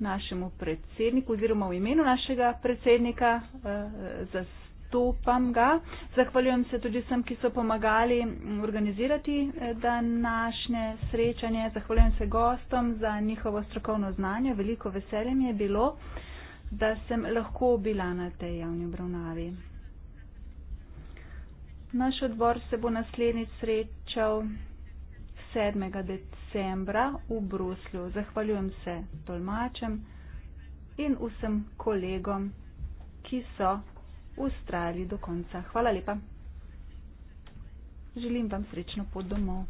našemu predsedniku oziroma v imenu našega predsednika eh, za zastopam ga. Zahvaljujem se tudi vsem, ki so pomagali mm, organizirati eh, današnje srečanje. Zahvaljujem se gostom za njihovo strokovno znanje. Veliko veselje mi je bilo, da sem lahko bila na tej javni obravnavi. Naš odbor se bo naslednjič srečal 7. decembra v Bruslju. Zahvaljujem se tolmačem in vsem kolegom, ki so ustrajali do konca. Hvala lepa. Želim vam srečno pot domov.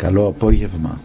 καλό απόγευμα.